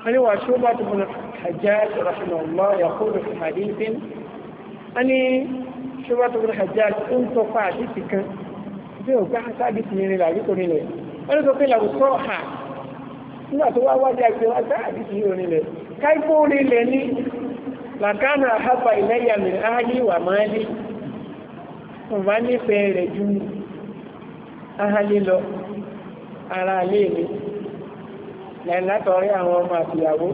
wọ́n ní wà ṣó bá tó bọ̀nà Hajjaj rahimahullah yaqulu fi hadithin wọ́n ṣó bá tó bọ̀nà Hajjaj ó ń tọ́pa kan tí ò gbá sáàdì sí irin làbí kò nílẹ̀ wọ́n ló sọ pé làwọn sọ hà nígbà tó wá wájú àgbẹ̀ wá sáàdì sí irin lẹ̀ káìpó nílẹ̀ ní làkánà àhápa ìlẹ́yà mi áyí wà máa lé wọ́n bá nífẹ̀ẹ́ rẹ̀ ju áhálé lọ ara lé mi lẹ́yìn látọ̀rẹ́ àwọn ọmọ àtìyàwó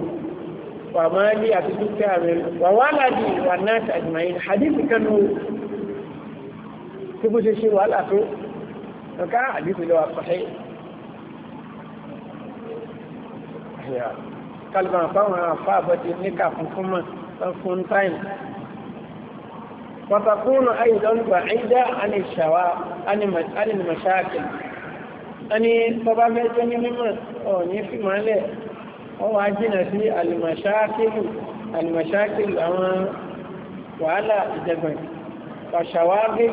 wà máa lé àti dúkìá wà wá láti wà náà tàjùmáyé hadith kanu bó ṣe ṣe wàhálà tó ká àdìsí lọ àpàṣẹ kálùbà fáwọn afá àbọ̀tí níkà funfun mọ̀ تايم. فتكون táìmù وتكون أيضا بعيدة عن الشواء عن المشاكل أني طبعا بيتني مما أو نيفي مالي أو عجينا في المشاكل المشاكل أما وعلى الجبن وشواغل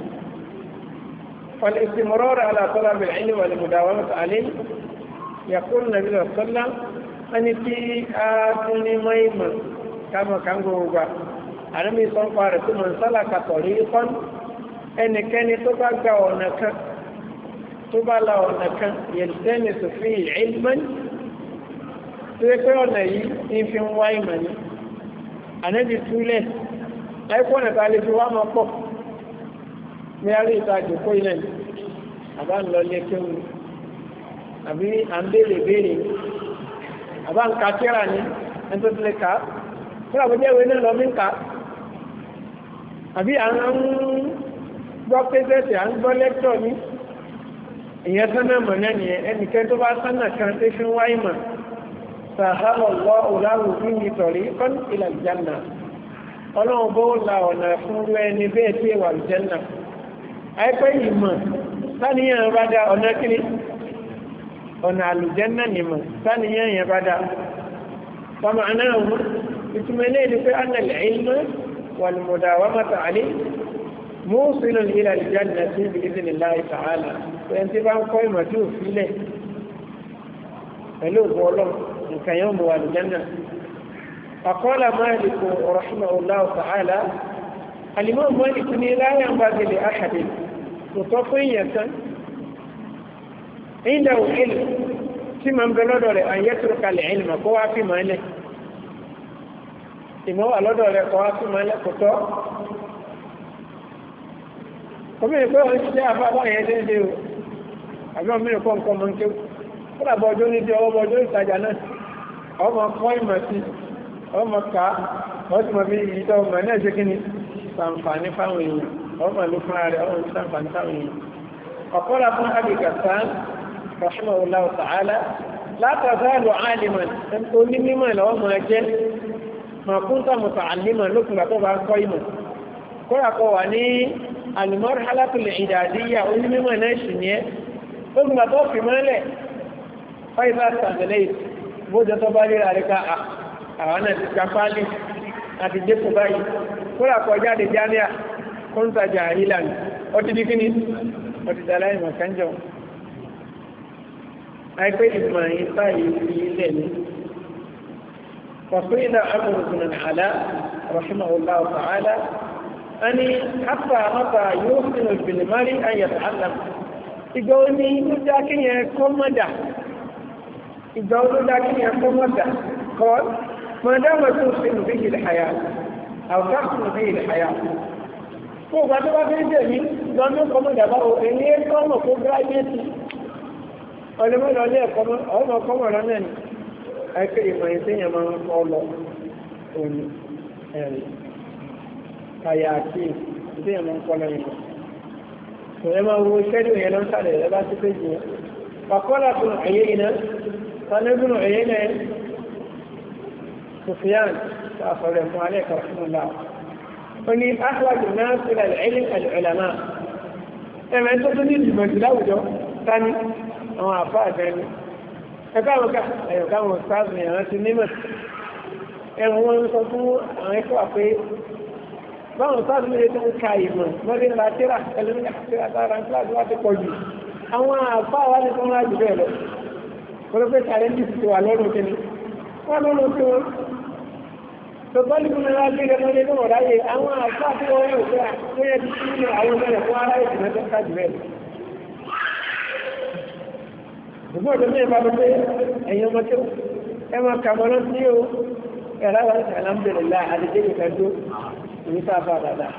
فالاستمرار على طلب العلم والمداومة عليه يقول النبي صلى الله عليه وسلم أن في آتني ميما كما كان غوغا أنا من صنفار من سلك طريقا أن كان تبقى ونكا تبقى ونكا يلتمس فيه علما تذكرون أي إن في وايما أنا دي تولي أي كون تعليف واما فوق ní arí ìtajà kó ilẹ̀ àbá ń lọ lé kéwù àbí à ń béèrè béèrè àbá ń ka kíra ni ẹni tó ti lè ka kíra bó jẹ́ ìwé náà lọ mí ń ka àbí à ń gbọ́ pẹ́sẹ́sì à ń gbọ́ lẹ́kítọ̀ ni ìyẹn sánà mọ̀ náà nìyẹn ẹnìkan tó bá sánà kan tó fi ń wáyé mọ̀ sàhálà lọ òláwù fún mi tọ̀rí fún ìlà ìjànà ọlọ́run bó la ọ̀nà fún ẹni bẹ́ẹ̀ tí ìwà àìpẹ́ ìmọ̀ sáníyàn bá dá ọ̀nà kíní ọ̀nà àlùjẹ́nà nìmọ̀ sáníyàn yẹn bá dá sọmọ náà mú ìtumọ̀ ilé ni pé annal ilmu wal mudawamata ali musilun ila aljanna sí ibi iznillahi ta'ala ẹni tí bá ń kọ́ mú wà aljanna faqala Maliku rahimahullahu àlìmọ́ mọ́lì tún ní láyé ń bá tẹ̀lé àṣàdé kò tọ́ fún èèyàn tán ìdá òkèlè tí ma tó fi máa lẹ̀ ìmọ̀ wà lọ́dọ̀ fi máa lẹ̀ kò tọ́ obìnrin pé òun ṣiṣẹ́ afáfá yẹn ṣe ń ṣe o àbí obìnrin kọ́ nǹkan mọ̀ ń kéwù kódà bọ́ ọjọ́ nídìí ọwọ́ bọ́ ọjọ́ ìtajà náà ọmọ kọ́ ìmọ̀ sí ọmọ ká ọtí mọ̀ bí ìyí tọ́ náà ṣe kí ni sàǹfààní fáwọn èèyàn ọmọ ló fún ààrẹ ọmọ ló sàǹfààní fáwọn èèyàn ọ̀pọ̀lá fún abigatan rahimahullah ta'ala látàzálù aliman oní mímọ̀ lọ́wọ́ máa jẹ́ máa kún tàmù tààlímà lókùn àtọ́ bá kọ́ ìmọ̀ kóra kọ wà ní alimọ́r halakulẹ̀ ìdàdíyà oní mímọ̀ náà sì ní ẹ́ lókùn àtọ́ fi àti jésù báyìí kóra kọjá de jáníà kó ń tajà ìlànà ọtí di kíni ọtí dàlá ìmọ̀ kánjọ àìpé ìmọ̀ ìfà ìlú ilẹ̀ ni وقيل عمر بن العلاء رحمه الله تعالى أني حتى متى يوصل بالمال أن يتعلم ìgbà wo ni ó dá kéèyàn kọ́ mọ́dà ìgbà wo ló dá kéèyàn kọ́ kọ́ ما دام تحسن به الحياة أو تحسن به الحياة Fúnfà tó bá fẹ́ jẹ̀mí lọ́nà kọmọ̀ dàbá òfin ní ẹ̀kọ́mọ̀ fún gíráyẹ́tì. Ọlọ́mọ́lọ́ ní ẹ̀kọ́mọ̀ ọmọ kọmọ̀ lọ́nà ni. Ẹ̀kẹ́ ìmọ̀ ìsẹ́yìn máa ń kọ́ lọ òní ẹ̀rì. Kàyà àti ìsẹ́yìn máa ń kọ́ lọ́yìn. Ìyẹn máa wo ṣẹ́dù yẹn lọ́sàlẹ̀ ẹ bá سفيان فأخذ عليك رحمه الله ومن أحوج الناس إلى العلم العلماء لما أنت تريد المجلوجة ثاني أو أعفاء ثاني فقالوا كا أيوة كانوا أستاذ من الناس النمس يعني هو يصدقوا أن يقرأ في báwọn sáàdù lè tó ń ka ìmọ̀ lórí látírà pẹ̀lú àtírà tára ń kíláàsì láti pọ̀ jù àwọn àpá wa ní tó ń rájù bẹ́ẹ̀ lọ pẹ̀lú pé فبالك من الذين من يدور عليه أما أصابه ويوسع ويدشين أعوذ الله وعليه من تحتاج بيه بقول من يبقى بطيء أن يمتعوا كما كمالون سيئوا قال الله الحمد لله هذا الشيء يفعله ويصافى هذا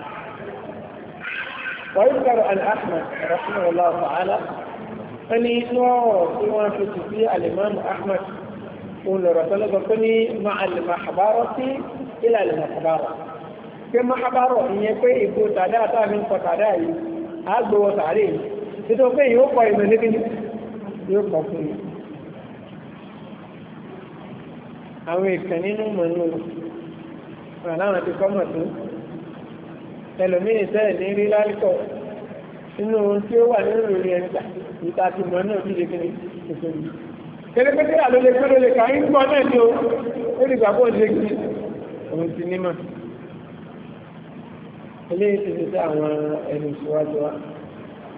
ويذكر أن أحمد رحمه الله تعالى فني نوع سوى في الإمام أحمد قول الرسول فني مع المحبارة ilà ìlànà kàbárà pé mahabaro ìyẹn pé ìbò tàdá àtàmì ń kọ tàdá yìí á gbowó tàdé yìí nítorí pé yóò kọ ìmọ̀ níbi yóò kọ fún yìí. àwọn ìkàn nínú mọ̀ nínú rẹ̀ láwọn ti kọ́ mọ̀ tó ẹlòmíì sẹ́ẹ̀ ní rí lálùkọ̀ inú ohun tí ó wà nínú ìrírí ẹni gbà ìta ti mọ̀ náà bí lékeré kékeré. ń gbọ́ náà ní o ó lè gbà bó òun ti ilé eléyìí ti fi sí àwọn ẹni ìṣíwájú wa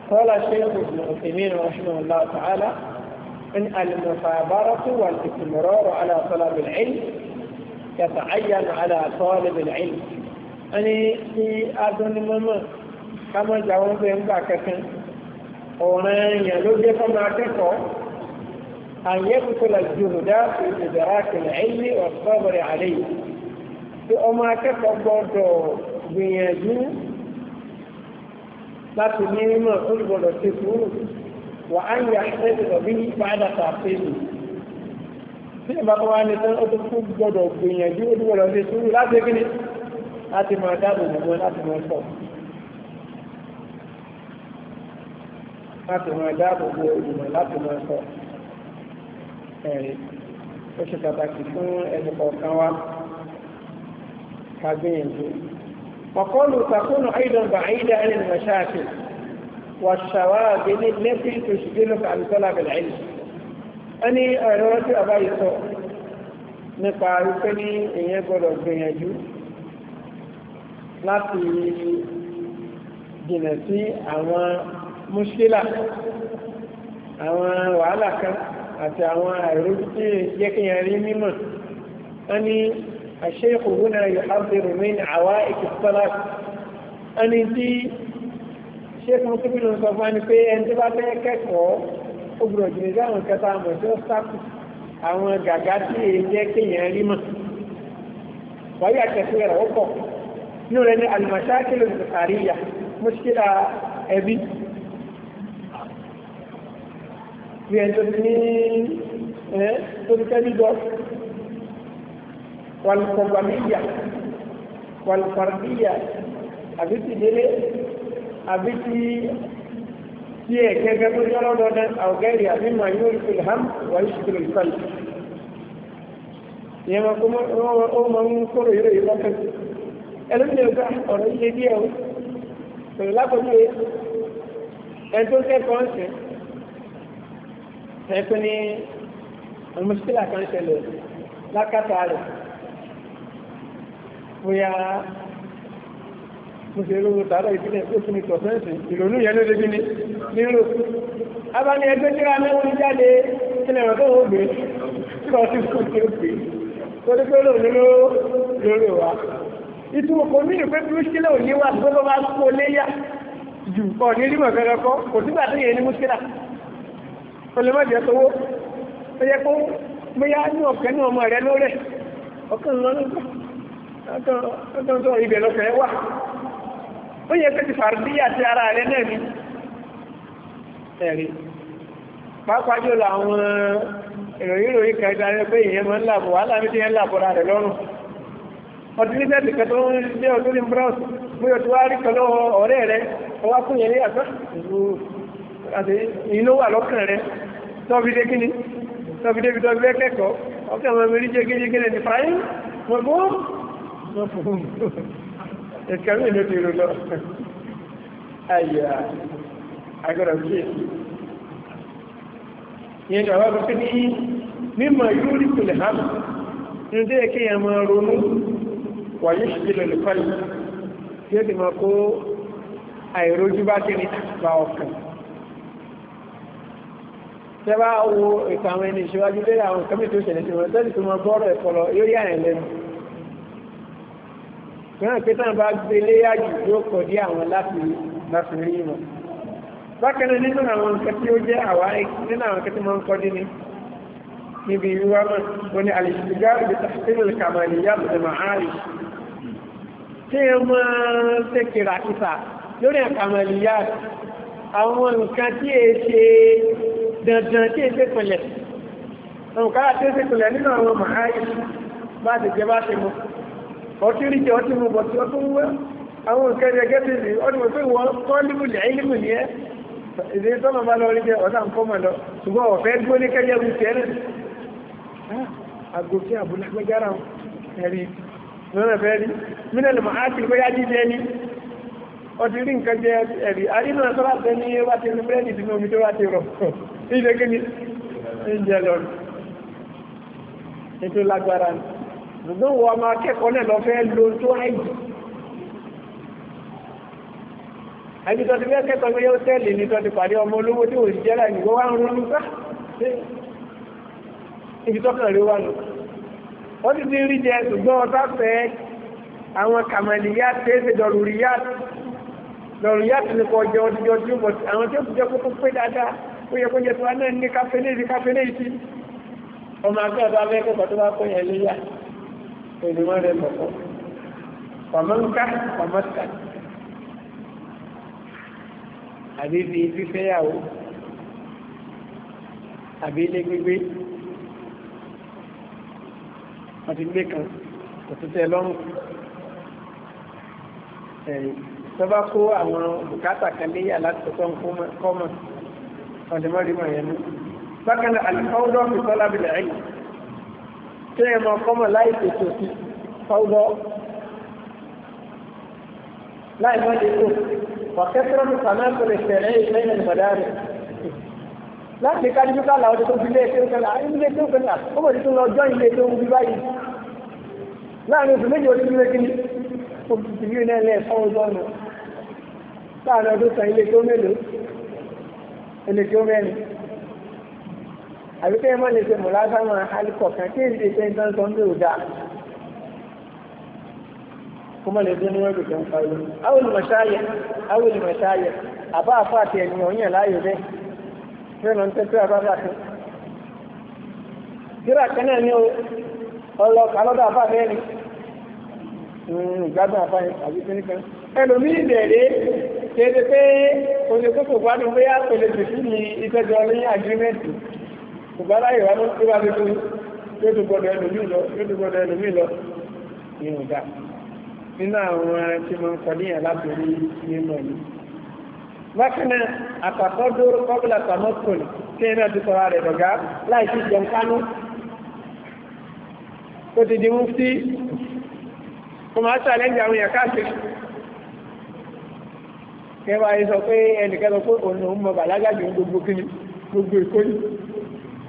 kọ́lá ṣe é kòkòrò òfèmí ní wàṣínà ọ̀la tààlà ان المثابرة والاستمرار على طلب العلم يتعين على طالب العلم أني في أدن مما كما جاوب ينبع كثير ọ̀ràn yẹn ló jẹ́ fọ́mọ akẹ́kọ̀ọ́ àyẹ̀kùtù làjùmùdá fi ìdàrá kìlẹ̀ ẹ̀yìn ọ̀sọ́bẹ̀rẹ̀ àlẹ́ yìí pé ọmọ akẹ́kọ̀ọ́ gbọ́dọ̀ gbìyànjú láti ní mímọ̀ tó gbọ́dọ̀ ṣe kúrò wà á yà ṣẹ́yìn lọ bí padà tàfẹ́lì tí ìbá tó wá ní tán ó tó kú gbọ́dọ̀ gbìyànjú ó tó gbọ́dọ̀ ṣe kúrò láti kí ni láti máa dáàbò bò láti máa sọ láti máa dáàbò bò ìmọ̀ láti máa sọ ẹ̀rí ó ṣe pàtàkì fún ẹnì wa kàgbìyànjú وقالوا تكون أيضا بعيدة عن المشاكل والشواغل التي تشغلك عن طلب العلم أني أردت أبا يسوع nípa wípé ní èyàn gbọ́dọ̀ gbìyànjú láti jìnà sí àwọn mùṣkílà àwọn wàhálà kan àti àwọn àìrójú tí jẹ́ kí الشيخ هنا يحذر من عوائق الصلاة ẹni tí ṣéèkì mọ́tòkì ló ń sọ fún ẹni pé ẹni tí bá fẹ́ kẹ́kọ̀ọ́ ó gbọ́dọ̀ jìnnà sí àwọn kẹta àmọ̀ tí ó sáàkù àwọn gàgá tí èyí jẹ́ kéèyàn rí mọ̀ wáyé àtẹ̀sí rẹ̀ ó pọ̀ ní òun ní alìmọ̀ṣáàkì ló ń sọ àríyá mọ́ṣíkìlá ẹbí bí ẹni tó ti ní ẹ́ tó ti tẹ́lú jọ walikọgbamiya walifardiya àbí ti délé àbí ti tí ẹ gẹ́gẹ́ tó yọrọ lọdẹ àwògẹrì àbí mà yóò rí filham wà yóò ṣùkúrò ìfẹlẹ ìyẹn máa kó ó máa ń kóró yóò yí lọkẹ ẹlẹ́mìí lè gba ọ̀rọ̀ yíyé díẹ̀ o pẹ̀lú lákòókò yẹ ẹni tó kẹ́kọ̀ọ́ ń sìn ẹ pé ní ọmọ sílẹ̀ àkànṣẹlẹ̀ lákàtà bóyá mo ṣe lówó tààrà ìpínlẹ̀ ó tún ní tọ̀sẹ́ǹsì ìrònú yẹn ló dé bí ní nílò abáni ẹgbẹ́ tí ra mẹ́rin jáde sílẹ̀ rẹ̀ tó ń gbé tí wọ́n ti kú tí ó gbé tó dé pé lòun ló lórí wa ìtumọ̀ kò ní ìpé muskila ò ní wà tó ló bá kó léyà jù kọ́ ní rímọ̀ fẹ́rẹ̀ kọ́ kò sígbà tó yẹ ní muskila kò lè má jẹ́ tówó ó yẹ kó bóyá ní ọ̀kẹ́ ní ọmọ rẹ̀ lórẹ̀ ọ̀kan lọ́nà ọ̀tọ̀ọ̀tọ̀ ibẹ̀ lọ́fẹ̀ẹ́ wà ó yẹ kẹ́tì fàrdíyà ti ara rẹ̀ náà ni ẹ̀rí pàápàá jù lọ àwọn ìròyìn ìròyìn kan ìdára pé ìyẹn mọ́ ń làbọ̀ wàhálà mi ti yẹn làbọ̀ra rẹ̀ lọ́rùn ọdún ní sẹ́ẹ̀tì kan tó ń lé ọdún ní bros bí o ti wá rí pẹ̀lú ọ̀rẹ́ rẹ ọwá fún yẹn ní àgbà àti ìlú wà lọ́kàn rẹ tọ́bi dé kíni tọ́bi débi tọ́bi kẹ́kọ̀ọ́ ọkàn mọ́ mi rí jẹ́ gẹ́gẹ́ ní fàáyín mọ́ gbọ́ wọ́n fún un ìkẹ́mí ló ti rò lọ ayà agbọ́dọ̀ kí èsì yẹn ní àwọn akọ́kọ́ ní mímọ̀ yóò rí pẹ̀lẹ̀ hàn ní tó yẹ kí yẹn máa ronú wà yóò ṣe lè lè fàyè tí ó ti máa kó àìrójú bá kí ni àgbà ọkàn tẹ́bá wo ìtàwọn ẹni ìṣíwájú lé àwọn kẹ́mí tó ṣẹlẹ̀ sí tẹ́lì tó máa bọ́ọ̀rọ̀ ẹ̀kọ́ yóò yà ẹ̀ lẹ́nu náà pé tán bá gbé léyà jù yóò kọ̀ dí àwọn láti láti rí wọn. bákan náà nínú àwọn nǹkan tí ó jẹ́ àwa nínú àwọn nǹkan tí wọ́n ń kọ́ dí ni níbi ìwá mọ̀ wọn ni àlèṣìgá ibi tàbílì kàmàlì yàtọ̀ tẹ̀mà áàrì tí ó máa ń tẹ́kìrà ìfà lórí àkàmàlì yàtọ̀ àwọn nǹkan tí è ṣe dandan tí è ṣe pẹ̀lẹ̀ àwọn nǹkan ọtí rí jẹ ọtí mú bọ̀ tí ọtún wẹ́ àwọn nǹkan ẹ̀jẹ̀ gẹ́tì rí ọdún mọ̀ pé wọ́n kọ́ límù lẹ́ límù ní ẹ́ ìdí tọ́nà bá lọ rí jẹ ọ̀tá nǹkan mọ̀ lọ ṣùgbọ́n ọ̀fẹ́ dúró ní kẹ́jẹ́ wù tiẹ́ náà àgò tí àbúlá gbẹ́jára ẹ̀rí lọ́nà fẹ́ rí mínẹ́lì mọ̀ á ti gbẹ́yà jíjẹ ní ọtí rí nǹkan jẹ ẹ̀rí arínú ẹ̀sọ́ láti ní wá ti rí búrẹ́dì sínú omi tó wá ti rọ̀ ní ìdẹ́gẹ́ni ètò lágbára ni ṣùgbọ́n wọ ọmọ akẹ́kọ̀ọ́ náà lọ fẹ́ lo tó àìjì àìjì tó ti fẹ́ kẹ́kọ̀ọ́ pé yóò tẹ́lì ní tó ti pàdé ọmọ olówó tí ò sì jẹ́lá ìgbó wá ń ronú sá ibi tó kàn rí wà lọ ó ti ti rí jẹ ṣùgbọ́n ọtá fẹ́ àwọn kàmàlìyá tẹ́sẹ̀ dọ̀rùrìyá lọ́rùyá ti ní kọ jẹ ọdíjọ tí ó bọ̀ àwọn tí ó jẹ kó pé dáadáa ó yẹ kó jẹ tó wá náà ní káfẹ́ léèdì káfẹ́ léèdì ọmọ akẹ́kọ̀ọ́ tó bá kọ́ yẹn léyà èdè wọn rẹ kọ̀kọ́ pàmọ́nká pàmọ́sà àbí bí fífẹ́yàwó àbí ilé gbígbé àti gbé kan kò tó tẹ lọ́rùn ẹ̀yìn tó bá kó àwọn bùkátà kan léyà láti tó kọ́mọ̀ ọ̀dẹ̀mọ́dẹ́mọ̀ yẹn mú bákan náà àlùkò ọdọ́ fi tọ́lá bìlẹ̀ ẹ̀yìn tó yẹ máa kọ́mọ̀ láì tètè sí ọgbọ́ láì má lè tó wàkẹ́sọ́rọ́ mi kàn náà kò lè fẹ̀rẹ̀ ìfẹ́ ìlànà ìbàdàn rẹ̀ láti ká dídú ká làwọn tó bilé tó kẹlà ilé tó kẹlà ó bọ̀ títún lọ jọ́ ilé tó wù báyìí láàrin oṣù méjì oṣù méjì ní oṣù tí yìí náà lẹ́ẹ̀ fọ́n ojú ọ̀nà láàrin ọdún kan ilé tó mélòó ilé tó mẹ́rin àbí kí ẹ má lè ṣe mọ̀ lágbàmọ̀ alikọ̀ kan kí èyí ṣe ń tán sọ ní òdà kó má lè dé ní wọ́n gbèsè ń fa ìlú. àwọn olùmọ̀ṣáyẹ àwọn olùmọ̀ṣáyẹ àbá àfọ àti ẹ̀yìn ọ̀yàn láàyò bẹ́ẹ̀ fẹ́ẹ̀ lọ ń tẹ́tí àbábà kan. jíra kan náà ní ọlọ́ọ̀kà lọ́dọ̀ àbá mẹ́rin hmm, ìgbádùn àbá yẹn àbí kíní kan. ẹlòmíì bẹ̀rẹ̀ kéde pé òṣèkókò gbádùn bóyá pèlè tètè ní ìfẹ́jọ́ ṣùgbọ́n láyé wá ló tó bá ti tún yóò tó gbọdọ̀ ẹlòmí lọ yóò tó gbọdọ̀ ẹlòmí lọ ní ọ̀dà nínú àwọn tí mo ń kọ níyàn láti rí mímọ̀ ni. bákan náà àpapọ̀ dóró kọ́bùlà pàmọ́kùn kí ẹ̀rọ ti sọ̀rọ̀ rẹ̀ dọ̀gá láì sí jẹun kánú tó ti di mufti kò máa ṣàlẹ́jì àwọn èèyàn káàkiri kẹwàá yìí sọ pé ẹnìkan sọ pé òun òun mọ bàlágà jù gbogbo kíni gbogbo ìkóyì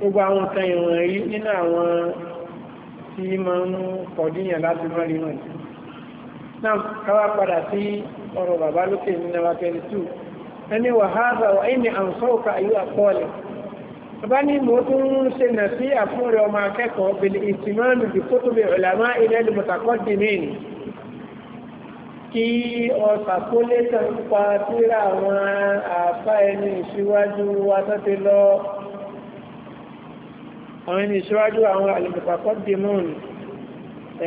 gbogbo àwọn kan ìwọ̀n rí nínú àwọn tí ma ń kọ̀díyàn láti mọ́ rí wọn náà káwà padà sí ọ̀rọ̀ bàbá lókè ní nàbà 22 ẹni wà háàbà wà ní àǹsọ́ọ̀kà ayú àpọ́ọ̀lẹ̀ bàbá ní mo tún ń ṣe nà sí àfúnrẹ̀ ọmọ akẹ́kọ̀ọ́ bèlè ìtìmọ́nù bí kó tóbi ọ̀làmá ilẹ̀ lùmọ̀tàkọ́ dì mẹ́ni kí ọ̀sàkólé kan pa síra àwọn àfá ẹni ìṣíwájú wa tó ti lọ àwọn ẹni ìṣíwájú àwọn alìmọ̀pàpọ̀ demon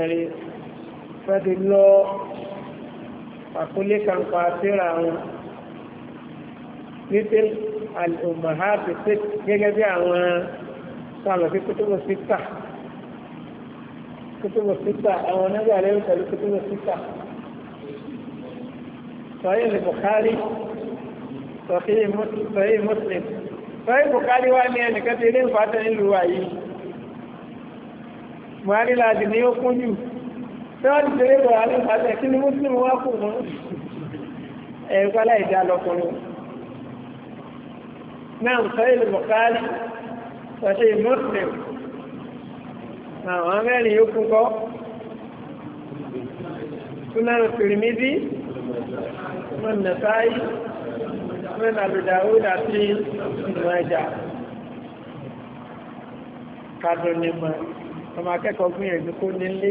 ẹ̀rí fẹ́dí lọ àkúlé kanpa síra wọn nítorí alìmọ̀há pèsè gẹ́gẹ́ bí àwọn sọ̀rọ̀ sí kútùbù síta kútùbù síta àwọn onágbà lẹ́rù pẹ̀lú kútùbù síta sọ̀rọ̀ sọ́yí bukari wá ní ẹnìkan tí ilé ń fàtẹ́ nílùú wà yìí buhari láti ní ó kún jù tí wọ́n ti tẹ́lẹ̀ bọ̀ wà ní fàtẹ́ kí ni muslim wá kù mọ́ ẹ̀rùkọ́ aláìdá lọ́kùnrin náà sọ́yí bukari sọ́yí muslim àwọn mẹ́rin yóò kún kọ́ súnmọ́rún tìrìmídì mọ́nà sáyé Sunan Abu Dawud àti ìrìnàjà kàdù ní mọ̀ ọmọ akẹ́kọ̀ọ́ gbìyànjú kó nílé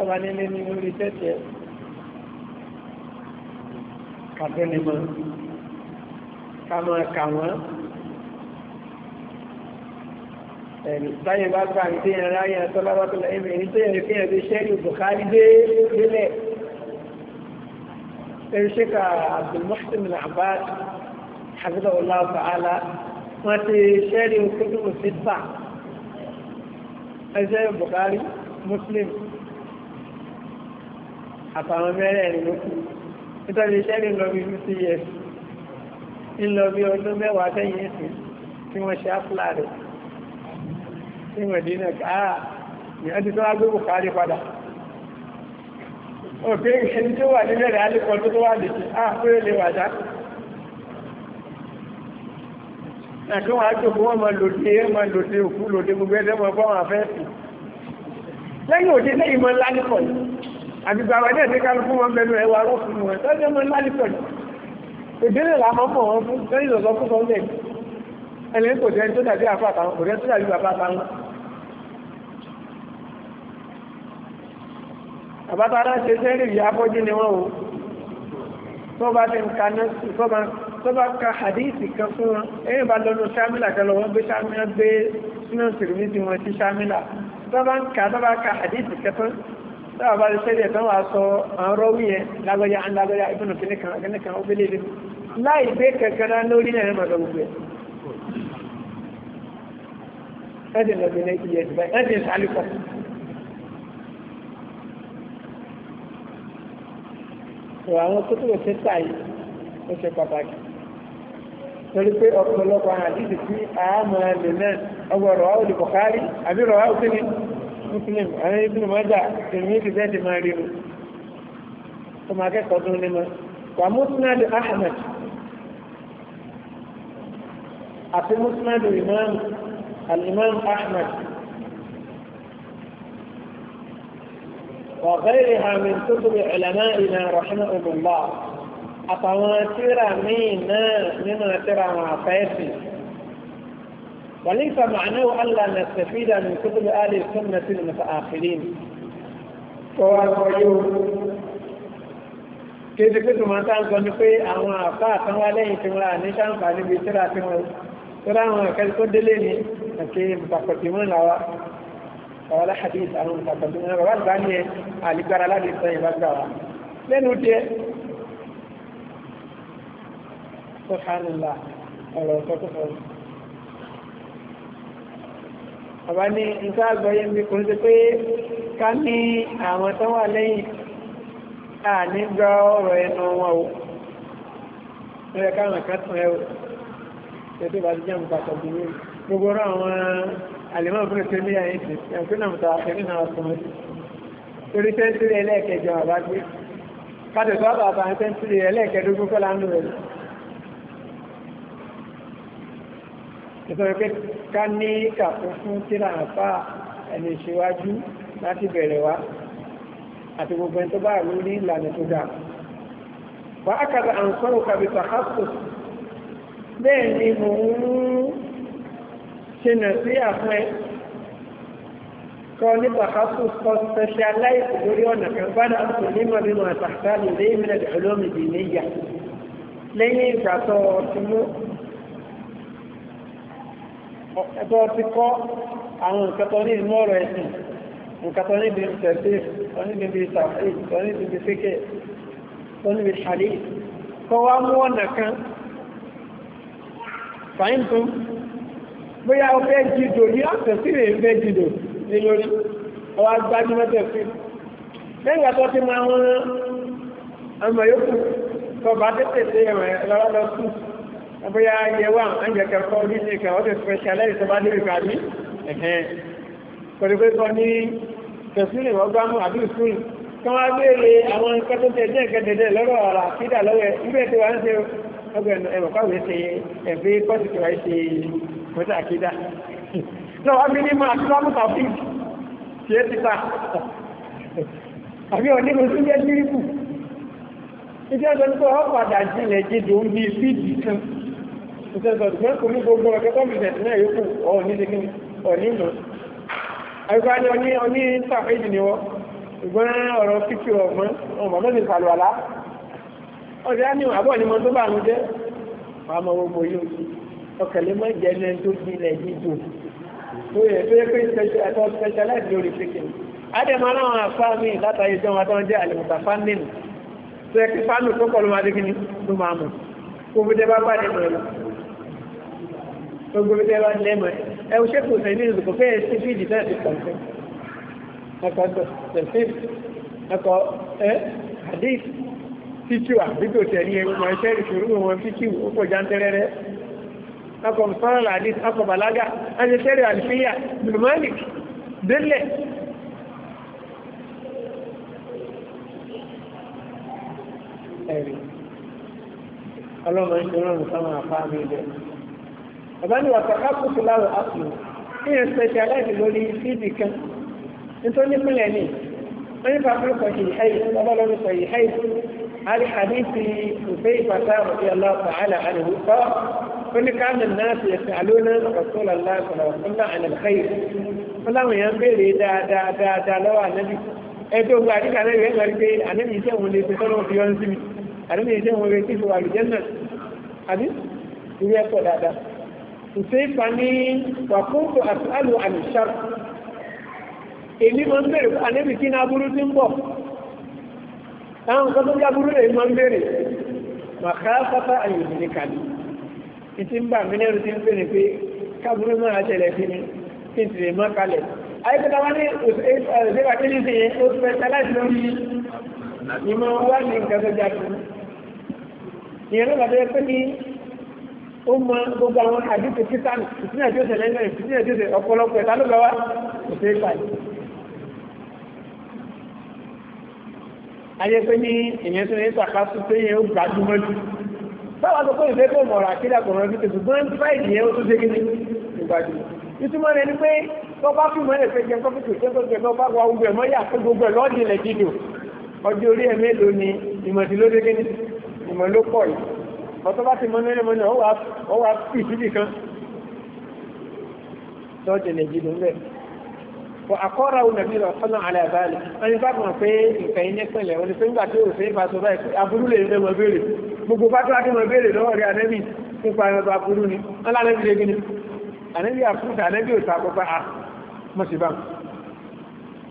ọmọ nílé ní orí tẹ́tẹ́ kàdù ní mọ̀ kàmọ̀ kàwọ́n táyé bá gbà ní tí yẹn ráyẹ tọ́lábá tó lẹ́yìn mi ní tó yẹ kí yẹn fi ṣẹ́rí Bukhari dé délẹ̀ ẹ̀ṣẹ́ka Abdul Muhsin Abad àbúrò ọláfàálà wọ́n ti ṣẹ́rí okúndùn sípà ẹgbẹ́ Bukhari Muslim àtàwọn mẹ́rẹ̀ẹ̀rin lókù nítorí ṣẹ́rí lọ bí fifty years ńlọ bí ọdún mẹ́wàá sẹ́yìn ẹ̀sìn tí wọ́n ṣe áfúlà rẹ̀ sí mẹ̀dínà káà ní ọdún tó wá gbé Bukhari padà òkè ìṣẹ́ni tó wà níbẹ̀rẹ̀ alẹ́kọ̀ọ́ tó wà lè ṣe áfúrẹ́ lè wà dáa ẹ̀kí wọn àjòkó wọn máa lòdì ẹ máa lòdì òkú lòdì gbogbo ẹ̀dẹ́ máa bọ́ wọn àfẹ́ẹ̀sì lẹ́yìn òde lẹ́yìn mọ́ lálẹ́kọ̀ọ́ yìí àgbègbè àwọn ẹ̀dẹ́ ti kálukú wọn bẹnu ẹ̀ wà rọ́ọ̀fù wọn lọ́jọ́ mọ́ lálẹ́kọ̀ọ́ yìí ìdílé là máa mọ̀ wọn fún lẹ́yìn lọ́sọ fún sọ́ọ́ lẹ́yìn ẹni kò dẹ́ni tó dàbí àfa àtàwọn kò dẹ́ni tó dàbí bàbá àtàwọn. àbátara ṣe sẹ́rì ìyá afọ́jú ni wọ́n o tó bá ti ń kaná tó bá ń tó bá ka hadithi kan fún wọn ẹ̀yìn bá lọ́nu sámílà kan lọ wọ́n gbé sámílà gbé sínú tìrìmí tí wọ́n ti sámílà tó bá ń ka tó bá ka hadithi kan fún tó bá lè sẹ́yìn tó wà sọ àwọn rọ́wì yẹn ìbùnú kìíní kan kìíní kan ó gbélé lé láì gbé kankan lórí náà ẹ̀mọ̀ lọ́wọ́ gbé ẹ̀dìn lọ́gbìn náà ti yẹ ẹ̀dìn sálíkọ̀ àwọn kótó lè fẹ́ ó ṣe pàtàkì torí pé ọ̀pọ̀lọpọ̀ àdìsí tí àámọ̀ ẹlẹ̀ náà ọgbọ̀n rọ̀ áwòlì Bukhari àbí rọ̀ áwòlì kíni Muslim àwọn ibi mọ́jà tèmi ti bẹ́ẹ̀ ti máa وغيرها من كتب علمائنا رحمه الله àtàwọn tíra míì náà nínú tíra àwọn àfẹ́ẹ̀sì وليس معناه ألا نستفيد من كتب أهل السنة المتأخرين فهو الرجل kéde pé tòmọ́ tá ń sọ ní pé àwọn àfá àtàwọn lẹ́yìn tí wọ́n ní sáǹfà níbi tíra tí wọ́n tíra àwọn ẹ̀kẹ́ tó délé ní àti ìbàkọ̀tí mọ́ ìlàwà ọ̀wọ́lá hadith àwọn ìbàkọ̀tí mọ́ ìlàwà bá ní àlìgbára láti sọ ìbàgbà wa lẹ́nu tiẹ̀ subhanallah ọ̀rọ̀ ọ̀tọ́kùnfọ́ ọba ní nǹkan àgbáyé ń bí kò ń ṣe pé ká ní àwọn tó wà lẹ́yìn à ní gbọ́ ọ̀rọ̀ ẹnu wọn o ó yẹ káwọn kan tún ẹ o ètò ìbájú jẹ́ nǹkan àtọ̀gbìn ní gbogbo ọ̀rọ̀ àwọn àlèmọ́ ìbúrò tó ní àyè ti ẹ̀kú náà mọ̀ta àfẹ́rí náà ọkùnrin torí sẹ́ńtúrì ẹlẹ́ẹ̀kẹjọ àbá gbé kájọ̀ tó àbàbà sẹ́ńtúrì ẹlẹ́ẹ̀kẹdógún kọ́lá ń lò rẹ̀ nítorí pé ká ní kàfún fún tíra àfá ẹni ìṣíwájú láti bẹ̀rẹ̀ wá àti gbogbo ẹni tó bá rú ní ìlànà tó dáa wà á kàdà à ń sọ̀rọ̀ kọ́ ní tàkàtò kọ́ specialize lórí ọ̀nà kan bá dà ní mọ̀ àtàkà lè lé ìmìnà ìdàlómi dì níyà lẹ́yìn ìgbà tó ẹ̀tọ́ ti kọ́ àwọn ìkẹtọ́ ní inú ọ̀rọ̀ ẹ̀sìn ìkẹtọ́ níbi tẹ̀síf oníbi tàfíì oníbi fíkẹ̀ oníbi ṣàlẹ̀ kọ́ wá mú ọ̀nà kan fàyíntún bóyá ó fẹ́ jìdò ní àtẹ̀sí rẹ̀ fẹ́ jìdò ní lórí ọwá gbájú mẹ́tẹ̀sí lẹ́yìn àtọ́ ti máa ń ọmọ yòókù kọ bá tẹ́tẹ̀ sí ẹ̀rọ lọ́wọ́ lọ́sùn bóyá yẹwà ẹ̀jẹ̀ kẹfọ́ oníṣe kan ó ti specialize tó bá débi kàbí ẹ̀hẹ́n kòrìkòrìkò ní tẹ̀sílì ọgbàmù àbí ìsúlì kan wá béèrè àwọn nǹkan tó tẹ̀jẹ́ ìkẹ́dẹ̀dẹ̀ lọ́rọ̀ ọ̀rà kídà lọ́wọ́ ẹ̀ níbẹ̀ tí wọ́n ń ṣe ọgbẹ̀nu ẹ̀mọ̀káwé ṣe ẹ̀fẹ́ pọ́sìtì wáyé ṣe mọ́tà kídà náà wọ́n fi ní mọ́ àtúwámù tàbí tí é ti pa àbí òní mo tún jẹ́ díríkù fídì kan ìtẹ́sọ̀tún kò ní gbogbo ọ̀kẹ́ kọ́mpìtẹ̀tì náà yóò kù ọ̀ ní ṣe ọ̀ ní mọ̀ àyíká ní ọní sàfẹ́jì ni wọ́n ìgbọ́n ọ̀rọ̀ fífi ọ̀gbọ́n ọmọ mẹ́sìn kàlùwàlá ọ̀dẹ́ á ní àbọ̀ ní mo tó bá mi jẹ́ wàá mọ gbogbo yóò ọkẹ̀lẹ́ mọ́ jẹ́ ní ẹni tó bí ilẹ̀ jíjò tó yẹ tó yẹ pé ẹ̀tọ́ specialize lórí chicken adẹ́mọ́ náà afá mi látàrí ìjọ wọn tó ń jẹ́ àlèmọ̀tà fánìlì tó yẹ kí fánù tó kọlu máa dé kí ni ló máa mọ̀ kó fi dé bá bá dé mọ̀ gbogbo bí ẹ bá lẹ́ mọ̀ ẹ o ṣe kò sẹ́ ní ìlú kò fẹ́ sí fíìdì náà ti pọ̀ nǹkan ẹ̀kọ́ tẹ̀síf ẹ̀kọ́ ẹ̀ àdé fíkìw àbíkò tẹ̀lé ẹ̀ mọ̀ ẹ̀ṣẹ́ ìṣòro wọn fíkìw ó pọ̀ jántẹ́rẹ́rẹ́ ẹ̀kọ́ mùsọ́rọ̀ àdé ẹ̀kọ́ bàlágà ẹ̀ṣẹ́rẹ́ àlùfíyà bùnmọ́nì délẹ̀ ẹ̀rí ọlọ́mọ ìṣòro nǹkan àfáà mi bẹ́ẹ̀ àbáni wà kàkà kùtù láwọ̀ ápù kí yẹn specialize lórí fíìdì kan nítorí nípìnlẹ̀ ni wọ́n ní fàákùrù kan yìí ẹ̀yì lọ́wọ́ lórí kan yìí ẹ̀yì àrí àdífi òfé ìfàtà òfé aláàfà àlà àdìwò kọ́ ó ní káàmì náà ti ẹ̀sìn àlónà ọ̀tọ́lá láàfà ọ̀tọ́lá ànàlẹ́kẹ́yì wọ́n láwọn èèyàn béèrè dáadáa dáadáa lọ́wọ́ ànábì ẹgbẹ́ ogun àdíkà náà yẹn lọ́rí pé ànábì iṣẹ́ òun lè fi tọ́lọ́ àbí ìwé ẹ̀kọ́ dáadáa ìsèpà ní wàkúntù àtàlù àmìṣàr èmi máa ń bèrè ànẹ́bì kí ní aburú ti ń bọ̀ táwọn nǹkan tó ń jáburú rẹ̀ máa ń bèrè màkà fata àyèmí ní kàlí ìtì ń bà mí lẹ́rù ti ń bèrè pé káburú máa ṣẹlẹ̀ sí ni kí n sì lè má kalẹ̀ ayíkọ́tà wá ní ìsèpà kí ní sèyẹn ó fẹ́ aláìsí lórí ìmọ̀ wá ní nǹkan tó jáde ìyẹn ó mọ gbogbo àwọn àdúgbò títàn ìpínlẹ̀ tí ó ṣẹlẹ̀ náà ìpínlẹ̀ tí ó ṣe ọ̀pọ̀lọpọ̀ ẹ̀ta ló gbọ́wá kò ṣe é pàdé. ayé pé ní èyàn tó ní ìtàkà tó pé yẹn ó gbajúmọ́ jù báwa tó kó ìfẹ́ tó mọ̀rọ̀ àkídà kọ̀ọ̀rọ̀ ní tètè gbọ́n fáìlì yẹn ó tó ṣe kí ní gbajúmọ́ ìtumọ̀ rẹ̀ ni pé tó bá fún mọ́lẹ̀ pé jẹun kọ́fíìsì tó tó jẹun bá wà bọ́tọ́ bá ti mọ́ nílé mọ́ náà ó wà pì síbì kan tọ́jú lè jí lóńbẹ̀. wà á kọ́ra òun nàbí lọ fọ́nà alẹ́ àbáyé wọ́n ní bá mọ̀ pé nǹkan yín nípìnlẹ̀ wọ́n ní pé nígbà tí òfin bá sọ báyìí aburú lè ní ọmọ béèrè gbogbo bá tó láti mọ béèrè lọ́wọ́ rí anẹ́bí nípa ẹ̀rọ aburú ni wọ́n lálẹ́ bí lẹ́gbẹ̀ẹ́ anẹ́bí àfúrúta anẹ́bí òtà àkọ́kọ́ à mọ̀ sí bá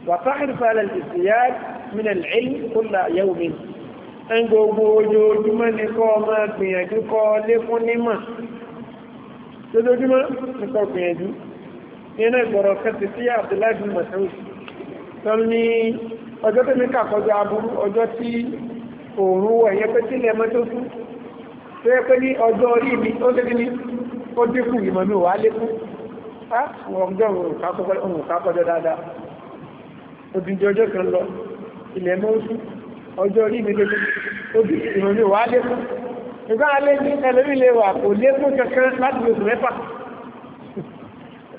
wà fáhìrì ẹn gbogbo ojoojúmọ́ ní kọ́ ọmọ gbìyànjú kọ́ lékún nímọ̀ lójoojúmọ́ ní kọ́ gbìyànjú nínú ìgbọ̀rọ̀ kẹtì sí Abdullahi Masoud tó ní ọjọ́ tó ní kàkọjọ aburú ọjọ́ tí òòrùn wọ̀ yẹ pé tílẹ̀ mọ́ tó kú tó yẹ pé ní ọjọ́ orí mi ó lé ní ó dínkù ìmọ̀ mi wà lékún á ọjọ́ òun kàkọjọ dáadáa òdìjọjọ́ kan lọ ilẹ̀ mọ́ ó ọjọ́ orí mi lékún ojú ìrìn mi wà lékún ìgbà alẹ́ ní ẹlẹ́rì lè wà kò lékún kankan láti oṣù mẹ́fà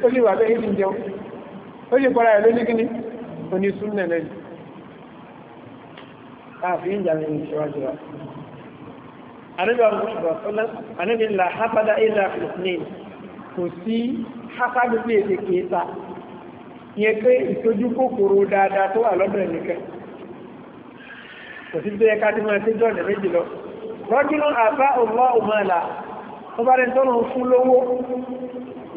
ó lè wà bẹ́ẹ̀ ní jẹun ó lè kọ́ra ẹ̀ lóní kíní oní súnmọ̀ lẹ́yìn káàfin ìjà mi ìṣọ́wájú wa àníbi ọmọ ìgbà fọlá àníbi ńlá hápádà ìlà ìsìn kò sí hápádà bí èdè kìí ta ìtọ́jú kòkòrò dáadáa tó wà lọ́dọ̀ ẹnìkan kò sí bí ẹka tí wọ́n ti jọ́ọ̀nà méjì lọ rọ́júnú àbá ọmọ òmàlà tó bá rẹ̀ tọ́nà fún lówó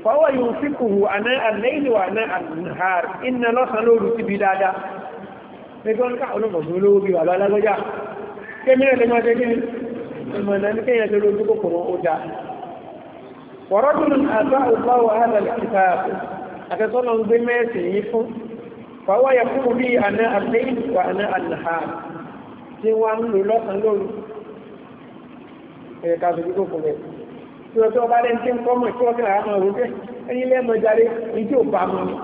fọwọ́ yóò fi kùhù àná àlẹ́ìlú àná àhàr iná lọ́sàn lóru ti bí dáadáa mẹ́gbọ́nká olóògbé olówó bí wà lálágbọ́já kémìnà lè máa tẹ́gbìn ìmọ̀nà ní kéyàn tó lójú kòkòrò ó dá tí wọ́n ń lò lọ́sàn lóru ẹ̀ka àtòjú tó fún ẹ̀ tí wọ́n tó bá lẹ́ni tí ń kọ́ mọ̀ tí wọ́n fi àwọn ọ̀rọ̀ pé lẹ́mọ̀ jáde ní bá mọ́ ni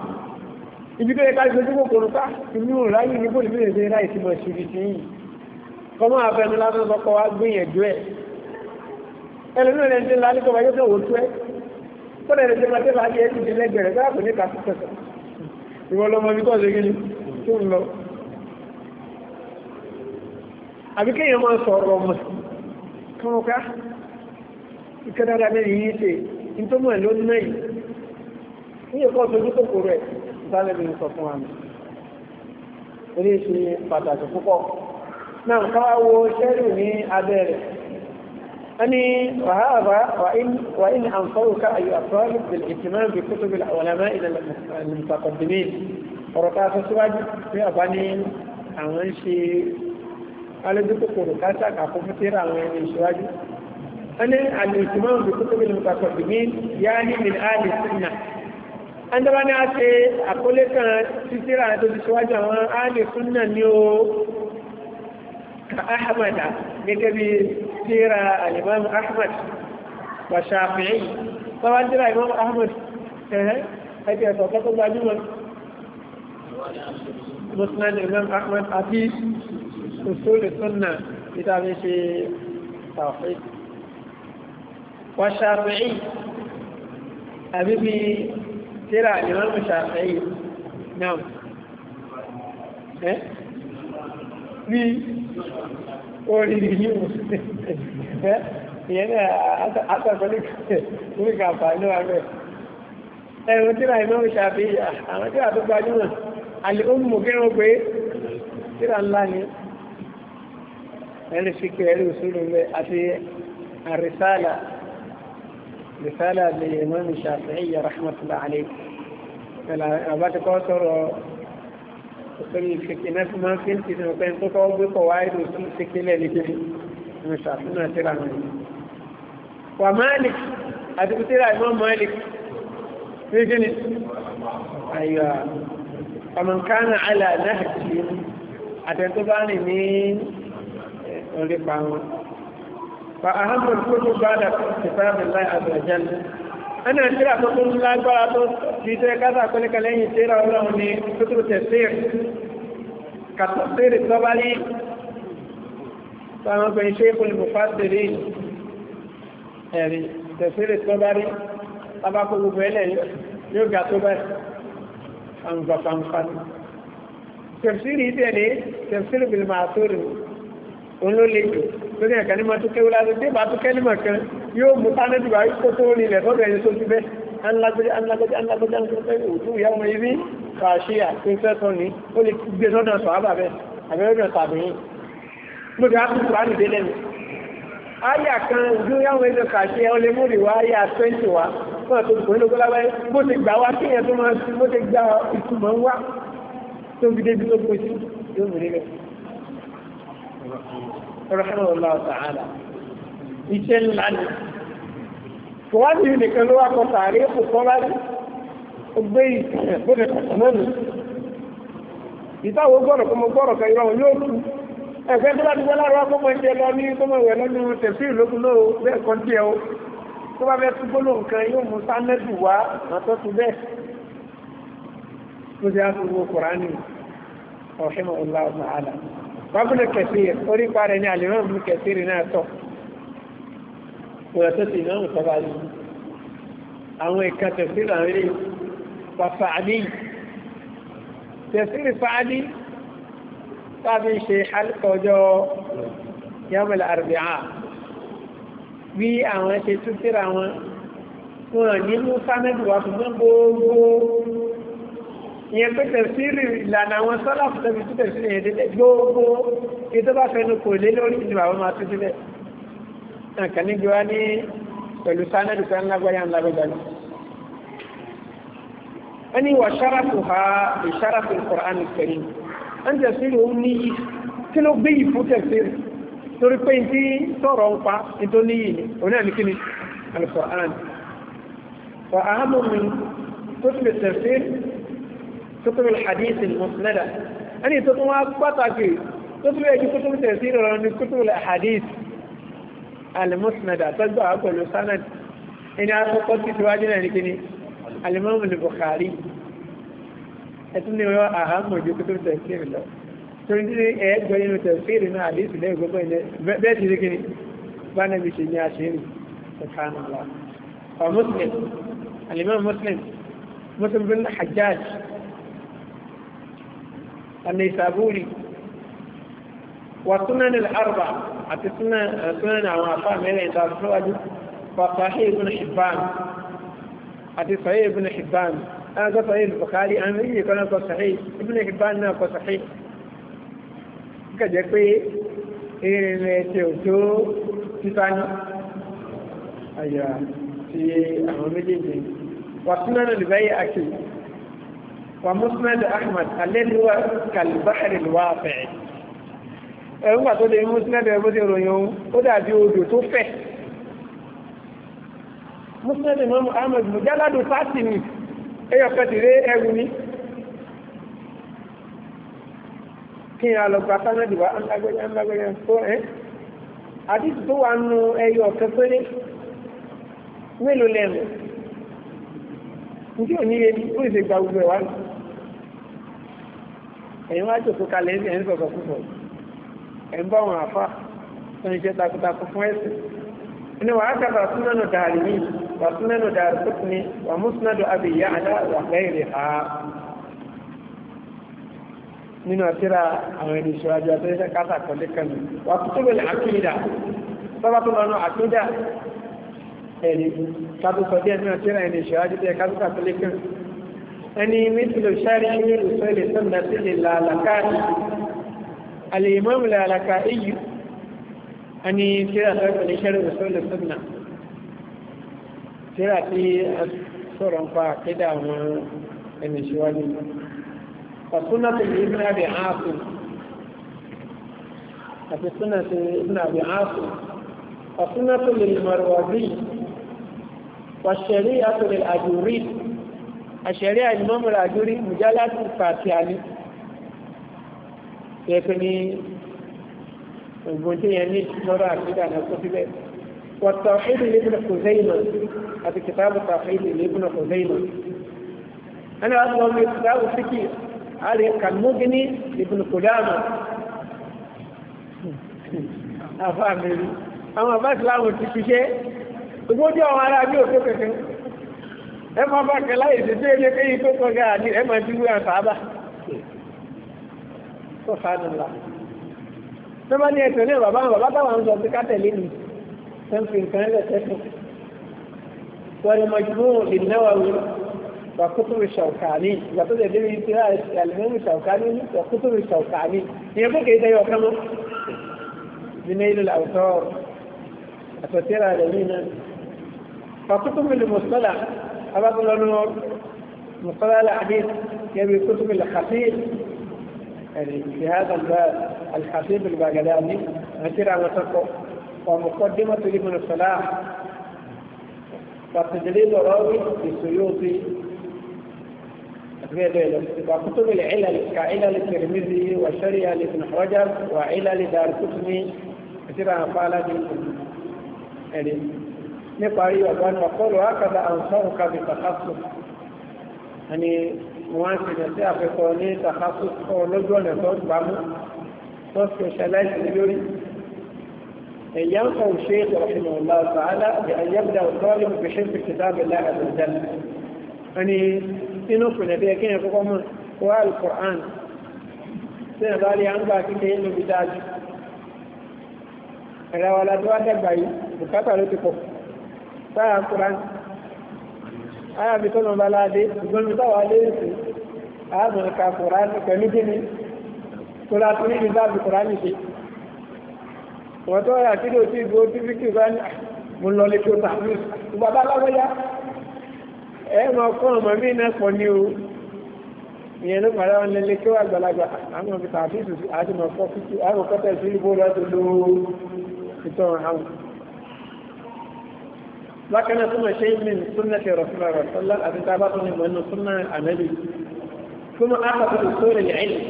ibi tó yẹ ká ṣojú kòkòrò ká ìlú ráyè ní bó ìlú ìrẹsẹ̀ ráyè ti mọ̀ ṣìrì sí yìí kọ́mọ́ àfẹnu lásán sọkọ wa gbìyànjú ẹ̀ ẹlòmíràn ẹni tí ń la nípa yóò tẹ̀wọ̀ tó ẹ̀ kọ́nà ẹni tí ń la tẹ́lá ayé ẹ̀ ti di lẹ́gbẹ̀rẹ̀ káàkiri ní kàkúkẹ̀kẹ̀ ìwọ lọmọ ibi tó ṣe kí ni tó ń lọ àbí kéèyàn máa sọ̀rọ̀ ọmọ kan ká ìkẹ́ dáadáa mẹ́rin yìí ṣe nítorí ẹ̀ ló ní mẹ́yìn ní ẹ̀kọ́ ọ̀tọ́jú kòkòrò ẹ̀ ìbálẹ̀bí ń sọ fún wa mi eré ṣe pàtàkì púpọ̀ náà káwá wo ṣẹ́rù ní abẹ́ rẹ̀ ẹni wàhálà wà ní àǹfọ́rù ká ayò àtọ́rù bil ìtìmọ́ bí kútó bí àwọn ọ̀rọ̀ ká sọ síwájú pé àbá ní àwọn ń ṣe alójúkòkòrò káṣáàkà fún tíra àwọn ẹni ìṣíwájú ẹni àlèkùnmọ́ òbíkútóbi ní ìpàkọ̀bì ní yá ní mìíràn sínà ẹnjọba ní a ṣe àkọlé kan títíra tó ti ṣíwájú àwọn áàlè súnà ní o ka ahmad gẹ́gẹ́ bí tíra alimam ahmad wa shafi'i bàbá tíra imam ahmad ẹ̀hẹ́ ẹgbẹ́ ẹ̀sọ̀ kọ́kọ́ gbajúmọ̀ musnad imam ahmad àti usuli sunna títà fi ṣe tàfí wọ́n ṣàfihì àbí bí tíra ìmọ̀mù ṣàfihì náà ẹ́ bí orílẹ̀ yíò ẹ́ ìyẹn náà àtàkọ́lẹ̀ ní kàfà ní wà bẹ́ẹ̀ ẹ̀rùn tíra ìmọ̀mù ṣàfihì àwọn tíra tó gbajúmọ̀ àlè ó mú kí wọ́n pé tíra ńlá ni يعني في كيري وصول في الرسالة رسالة للإمام الشافعي رحمة الله عليه فلا أباك توتر وصول الفكي ناس ما فين في سنوكين تطور بقوائد وصول الفكي اللي في الشافعي ما ترى ومالك أدب ترى إمام مالك في جنس أيوة فمن كان على نهج أتنتظرني مين nípa wọn fa ahamu kutu bada kitabu lai azajan ana tírà tó tún lágbára tó ti tẹ́ kásá kọ́nìkan lẹ́yìn tírà ọlọ́run ní kutu tẹ̀sír kàtọ̀sír tọ́bálí fáwọn pẹ̀lú ṣéèkùn mufasiri ẹ̀rí tẹ̀sír tọ́bálí tabakó gbogbo ẹlẹ́yìn yóò ga tó bẹ́ẹ̀ fanfafanfani tẹ̀sír ìdẹ̀lẹ́ tẹ̀sír bìlmàtórì òun ló le jù lórí ẹ̀ka ní máa tó kéwú láti tí bá tó kẹ́lí mọ̀kan yóò mú pánẹ́tì wáyé kó tó rí ilẹ̀ tọ́bẹ̀ ẹni tó ti bẹ́ anlágbẹ́jẹ́ anlágbẹ́jẹ́ anlágbẹ́jẹ́ anlágbẹ́jẹ́ òtún ìyá ọmọ ibi kàṣíà tó fẹ́ sọ ni ó lè gbé sọ́dọ̀ sọ ábà bẹ́ẹ̀ àbẹ́rẹ́ sàbẹ̀yìn mo ti á kan ojú ìyá ọmọ ibi kàṣíà ó lè mú ìwà áyà twenty wa fún àtúntò kò ní lóko lábẹ́ bó ti gbà wá kéèyàn tó máa bó ti gbà ìtumọ̀ wá tó fi bí ó pèsè yóò mú nílẹ̀ rahimahullahu ta'ala iṣẹ́ ńlá ni kò wá nìyí nìkan ló wá kọ tààrí kò kọ́ bá rí ó gbé ìsìn bó ti pàtó mọ́nu ìtawọ̀ gbọ́dọ̀ kó mo gbọ́dọ̀ kan ìrọ̀rùn yóò tu ẹ̀fẹ́ tó bá ti gbọ́dọ̀ rọ́ kó mo jẹ lọ ní kó mo wẹ̀ lọ́nu tẹ̀sí ìlókun lóò bẹ́ẹ̀ kan díẹ̀ o tó bá fẹ́ tún gbólóhùn kan yóò mú sánẹ́dù wá àtọ́ tu bẹ́ẹ̀ tó ti á fi wo Kùránì ọ̀hìn ọ̀la ọ̀sán àlà wábùnú kẹsìrì orí parẹ́ ní àlèmọ́ ìbùnú kẹsìrì náà tọ̀ wọ́n tó ti náà ń sọ́ba yìí àwọn ìka tẹ̀síìrì àwọn ilé wà fàádì tẹ̀síìrì fàádì tàbí ṣe halqa ọjọ́ yamul arbi'a bí àwọn ṣe túnṣíra wọn wọn ní mú wà fún gbogbo ìyẹn pé tẹ̀síìrì ìlànà àwọn sọ́làfù tẹ̀sí tí tẹ̀síìrì yẹn délẹ̀ gbogbo kí tó bá fẹnu kò lé lórí ìlú àwọn máa tún sílẹ̀ nǹkan ní gbé wá ní pẹ̀lú sánẹ́dù kan lágbáyà ńlá gbẹgbẹ́ lọ. wọ́n ní wà ṣárafu ha lè ṣárafu Al-Qur'an Al-Karim tẹ̀síìrì òun ní yìí kí ló gbé yìí fún tẹ̀síìrì torí pé tí sọ̀rọ̀ ń pa nítorí kutub al-hadith al-musnada ẹni tó tún wá pàtàkì tó tún lẹ́yìn kutub tafsir rẹ̀ ní kutub al-hadith al-musnada tọ́jú àwọn pẹ̀lú sanad ẹni àkọ́kọ́ ti tiwájú náà ní kíni al-imam al-bukhari ẹtún ní wọ́n àhámọ̀ ju kutub tafsir lọ torí ní ẹ̀ẹ́gbẹ́ nínú tafsir náà hadith lẹ́yìn gbogbo ilẹ̀ bẹ́ẹ̀ ti ní kíni bá nàbí ṣe ní àṣírí سبحان الله ومسلم الإمام مسلم مسلم بن حجاج an-Naysaburi wa sunan al-arba àti sunan àwọn afá mẹ́rin ìta síwájú wa Sahih ibn Hibban àti Sahih ibn Hibban an ga Sahih al-Bukhari an rí ìkọ́ náà kọ Sahih ibn Hibban náà kọ Sahih kà jẹ́ pé irin ẹ̀ṣẹ̀ òjò títání àyà ti àwọn méjèèjì wa sunan al-Bayhaqi ومسند أحمد الذي هو كالبحر الواقع ẹ̀rùngbà tó lè musnad ẹ̀rùn tí ròyìn ohun ó dàbí odò tó fẹ̀ musnad imam ahmed mujalladu fásitì ni ẹrù ni kí wa ńlágbẹ́yà ńlágbẹ́yà tó ẹ́ àdìsí tó wà nù ẹyọ mélòó lẹ́nu njẹ́ òní yẹn ní ó lè gbogbo ẹ̀ wá ẹ̀yin wá jòkó kalẹ̀ ẹ̀ ń sọ̀rọ̀ púpọ̀ ẹ̀ ń bá wọn àfà tó ń ṣe takuntakun fún ẹ̀sìn inú wa aka ba sunanu darimi wa sunanu darikutni wa musnadu abi ya'la wa ghairi ha nínú àtìrà àwọn ẹni ìṣòwájú àtẹ́sẹ̀ káta kọ̀lé kan wà kútùbẹ̀ àkídà sábà tó lọ́nà àkídà ẹ̀rí kábùkọ̀ díẹ̀ nínú àtìrà ẹni ìṣòwájú tẹ́ kábùkọ̀ kọ̀lé kan ẹni mítìlò ṣáàrí ní ìrùsọ́lẹ̀ sọ́nà sí ìlàlàkà alìmọ́mù làlàkà iyù ẹni tíra sọ́rọ̀ ní ṣáàrí ìrùsọ́lẹ̀ sọ́nà tíra tí a sọ̀rọ̀ ń pa àkídà àwọn ẹni ṣíwájú ọ̀túnà tó ní ibùn àbí àásù àti súnà tó ní ibùn àbí àásù ọ̀túnà tó lè mọ̀rọ̀ wà bí wà ṣẹ̀rí àtòlè àjòrí àṣẹrí àìmọ́mù ràdúrí mùjálásù pàtì àní ẹ̀pẹ́ ní ògùn tí yẹn ní lọ́rọ̀ àkídà náà kó síbẹ̀ wọ̀tọ̀ ìdí lébùn kòzẹ́ìmọ̀ àti kìtàbù tàfẹ́ ìdí lébùn kòzẹ́ìmọ̀ ẹni wá sọ mi kìtàbù síkì àrí kàmúgíní lébùn kòdáàmà àfáà mẹ́rin àwọn àbá ìsìláàmù ti ṣiṣẹ́ ìgbójú àwọn ará bí òkè kẹ̀kẹ́ ẹ máa bá kẹ láyé ṣe tó ilé kéyìí tó kọjá àní ẹ máa dúró àtà bá tó fàánù la tó bá ní ẹsẹ̀ ní bàbá àwọn bàbá táwọn ń sọ sí kátẹ̀lé ni tó ń fi nǹkan ẹ̀ lẹ́sẹ̀ tó wọ́n mọ̀ jù ú ìnáwó وكتب الشوكاني يقول لي دي انتهاء الامام الشوكاني وكتب الشوكاني يقول كده يوكم بنيل الاوتار اتسرى لدينا فكتب المصطلح أبدا لأنه من قبل الحديث يبي كتب الحفيظ يعني في هذا الباب الحفيظ البغدادي غسير على تقو ومقدمة لابن الصلاح وتدليل راوي للسيوطي وكتب العلل كعلل الترمذي وشريعة لابن حجر وعلل دار كتني كثيرا قال níparí ọ̀gbọ́n ọ̀pọ̀lọ̀ ákàdà àǹsọ́rù kàbí tàkásù ẹni wọ́n ti rẹ̀ sí àfẹ́kọ́ ní tàkásù lójú ọ̀nà tó gbámú tó specialize lórí ينفع الشيخ رحمه الله تعالى بأن يبدأ الطالب بحفظ كتاب الله عز وجل يعني ينفع نبيه كين يقوم هو القرآن سنة بالي عن باكي كين بداج ألا ولا تواجه باي بكتا لتكفر sára kúrán ayàbí tó lọ́nà aládé ṣùgbọ́n mi táwà léèsì àádùn ka kúrán pẹ̀lú gíní tó látú ní ìlú báàbí kúrán ṣe wọ́n tó rà kí ló ti gbó tí fíkì bá ní ah, mo lọ lè tó tà ní bàbá lágbájá ẹ mọ kọ́ ọmọ mi náà pọ̀ ní o ìyẹn ló padà wọn lélẹ̀ kí wọ́n àgbàlagbà àwọn ọmọ mi tàbí ìtùtù àti mọ̀ kọ́ fíkì àwọn kọ́tẹ̀ sí ibò لكن هناك شيء من سنة رسول الله صلى الله عليه وسلم من سنة عملي ثم أخذ أصول العلم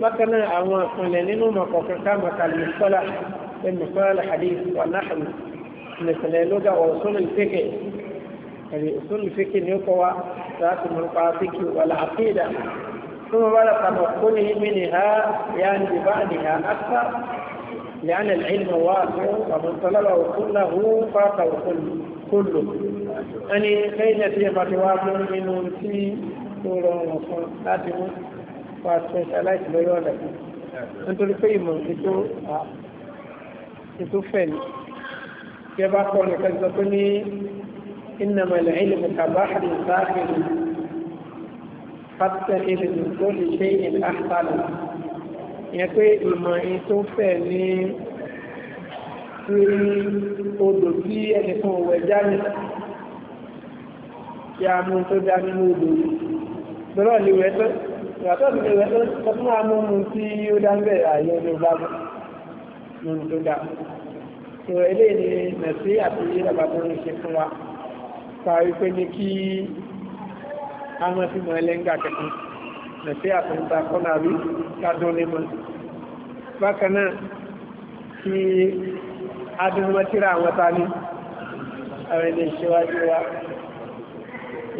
لكن أما فلنين ما قفتا ما كان مصطلح المصطلح الحديث ونحن مثل اللغة وأصول الفكر هذه يعني أصول الفكر يقوى ذات المنقاطك والعقيدة ثم ولا تمكنه منها يعني ببعدها أكثر لأن العلم واسع ومن طلبه كله فاته كله kólò ẹni lẹ́yìn ẹ̀tí ẹ̀bà ti wá mú nínú tí ó rọrùn fún láti mú wà specialize lórí ọ̀dà nítorí pé ìmọ̀ ètò fẹ̀ ni kí ẹ bá kọ́ ní kẹsàn tó ní إنما العلم كبحر ساحل فاتخذ من كل شيء أحسن يقول ìmọ̀ sí odò tí ẹnìkan òwẹ̀ jáde kí a mú tó dá nínú odò yìí bẹ́rọ̀ lè wẹ̀ tó ìyàtọ̀ sí lè wẹ̀ tó tọ́tún máa mú mu tí ó dá ń bẹ̀ àyẹ̀ ló bá mú mu tó dá tó eléyìí ni mẹ̀sí àti bàbá tó ń ṣe fún wa parí pé ní kí a mọ̀ sí mọ̀ ẹlẹ́ngà kẹ̀kẹ́ mẹ̀sí àtúntà kọ́nà rí kádùn adúmọ̀tíra àwọn tani àwọn ilé ìṣíwájú wa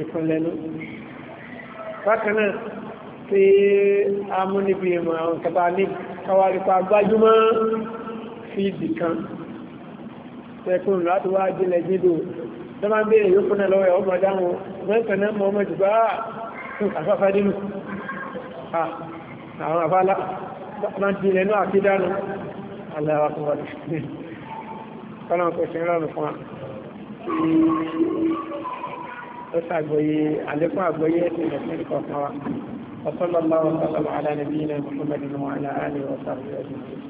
ìfúnlẹ́nu bákan náà tí a mú níbi ìmọ̀ àwọn kẹta ní kawaripa gbájúmọ́ fíìdì kan tẹkùn láti wá jílẹ̀ jídò tó máa ń bèèrè yóò fúnnà lọ́wọ́ ẹ̀wọ́ mọ̀dáwọn mẹ́kàn àwọn àfáàlá máa ń tilẹ̀ náà àkídánú aláwàkúwàlú kọ́lọ́n kò ṣe ń rọrùn fún wa ó ṣàgbọ́yé àlékún àgbọ́yé ẹ̀sìn ẹ̀sìn kọ̀ọ̀kan wa وصلى الله وسلم على نبينا محمد وعلى اله وصحبه اجمعين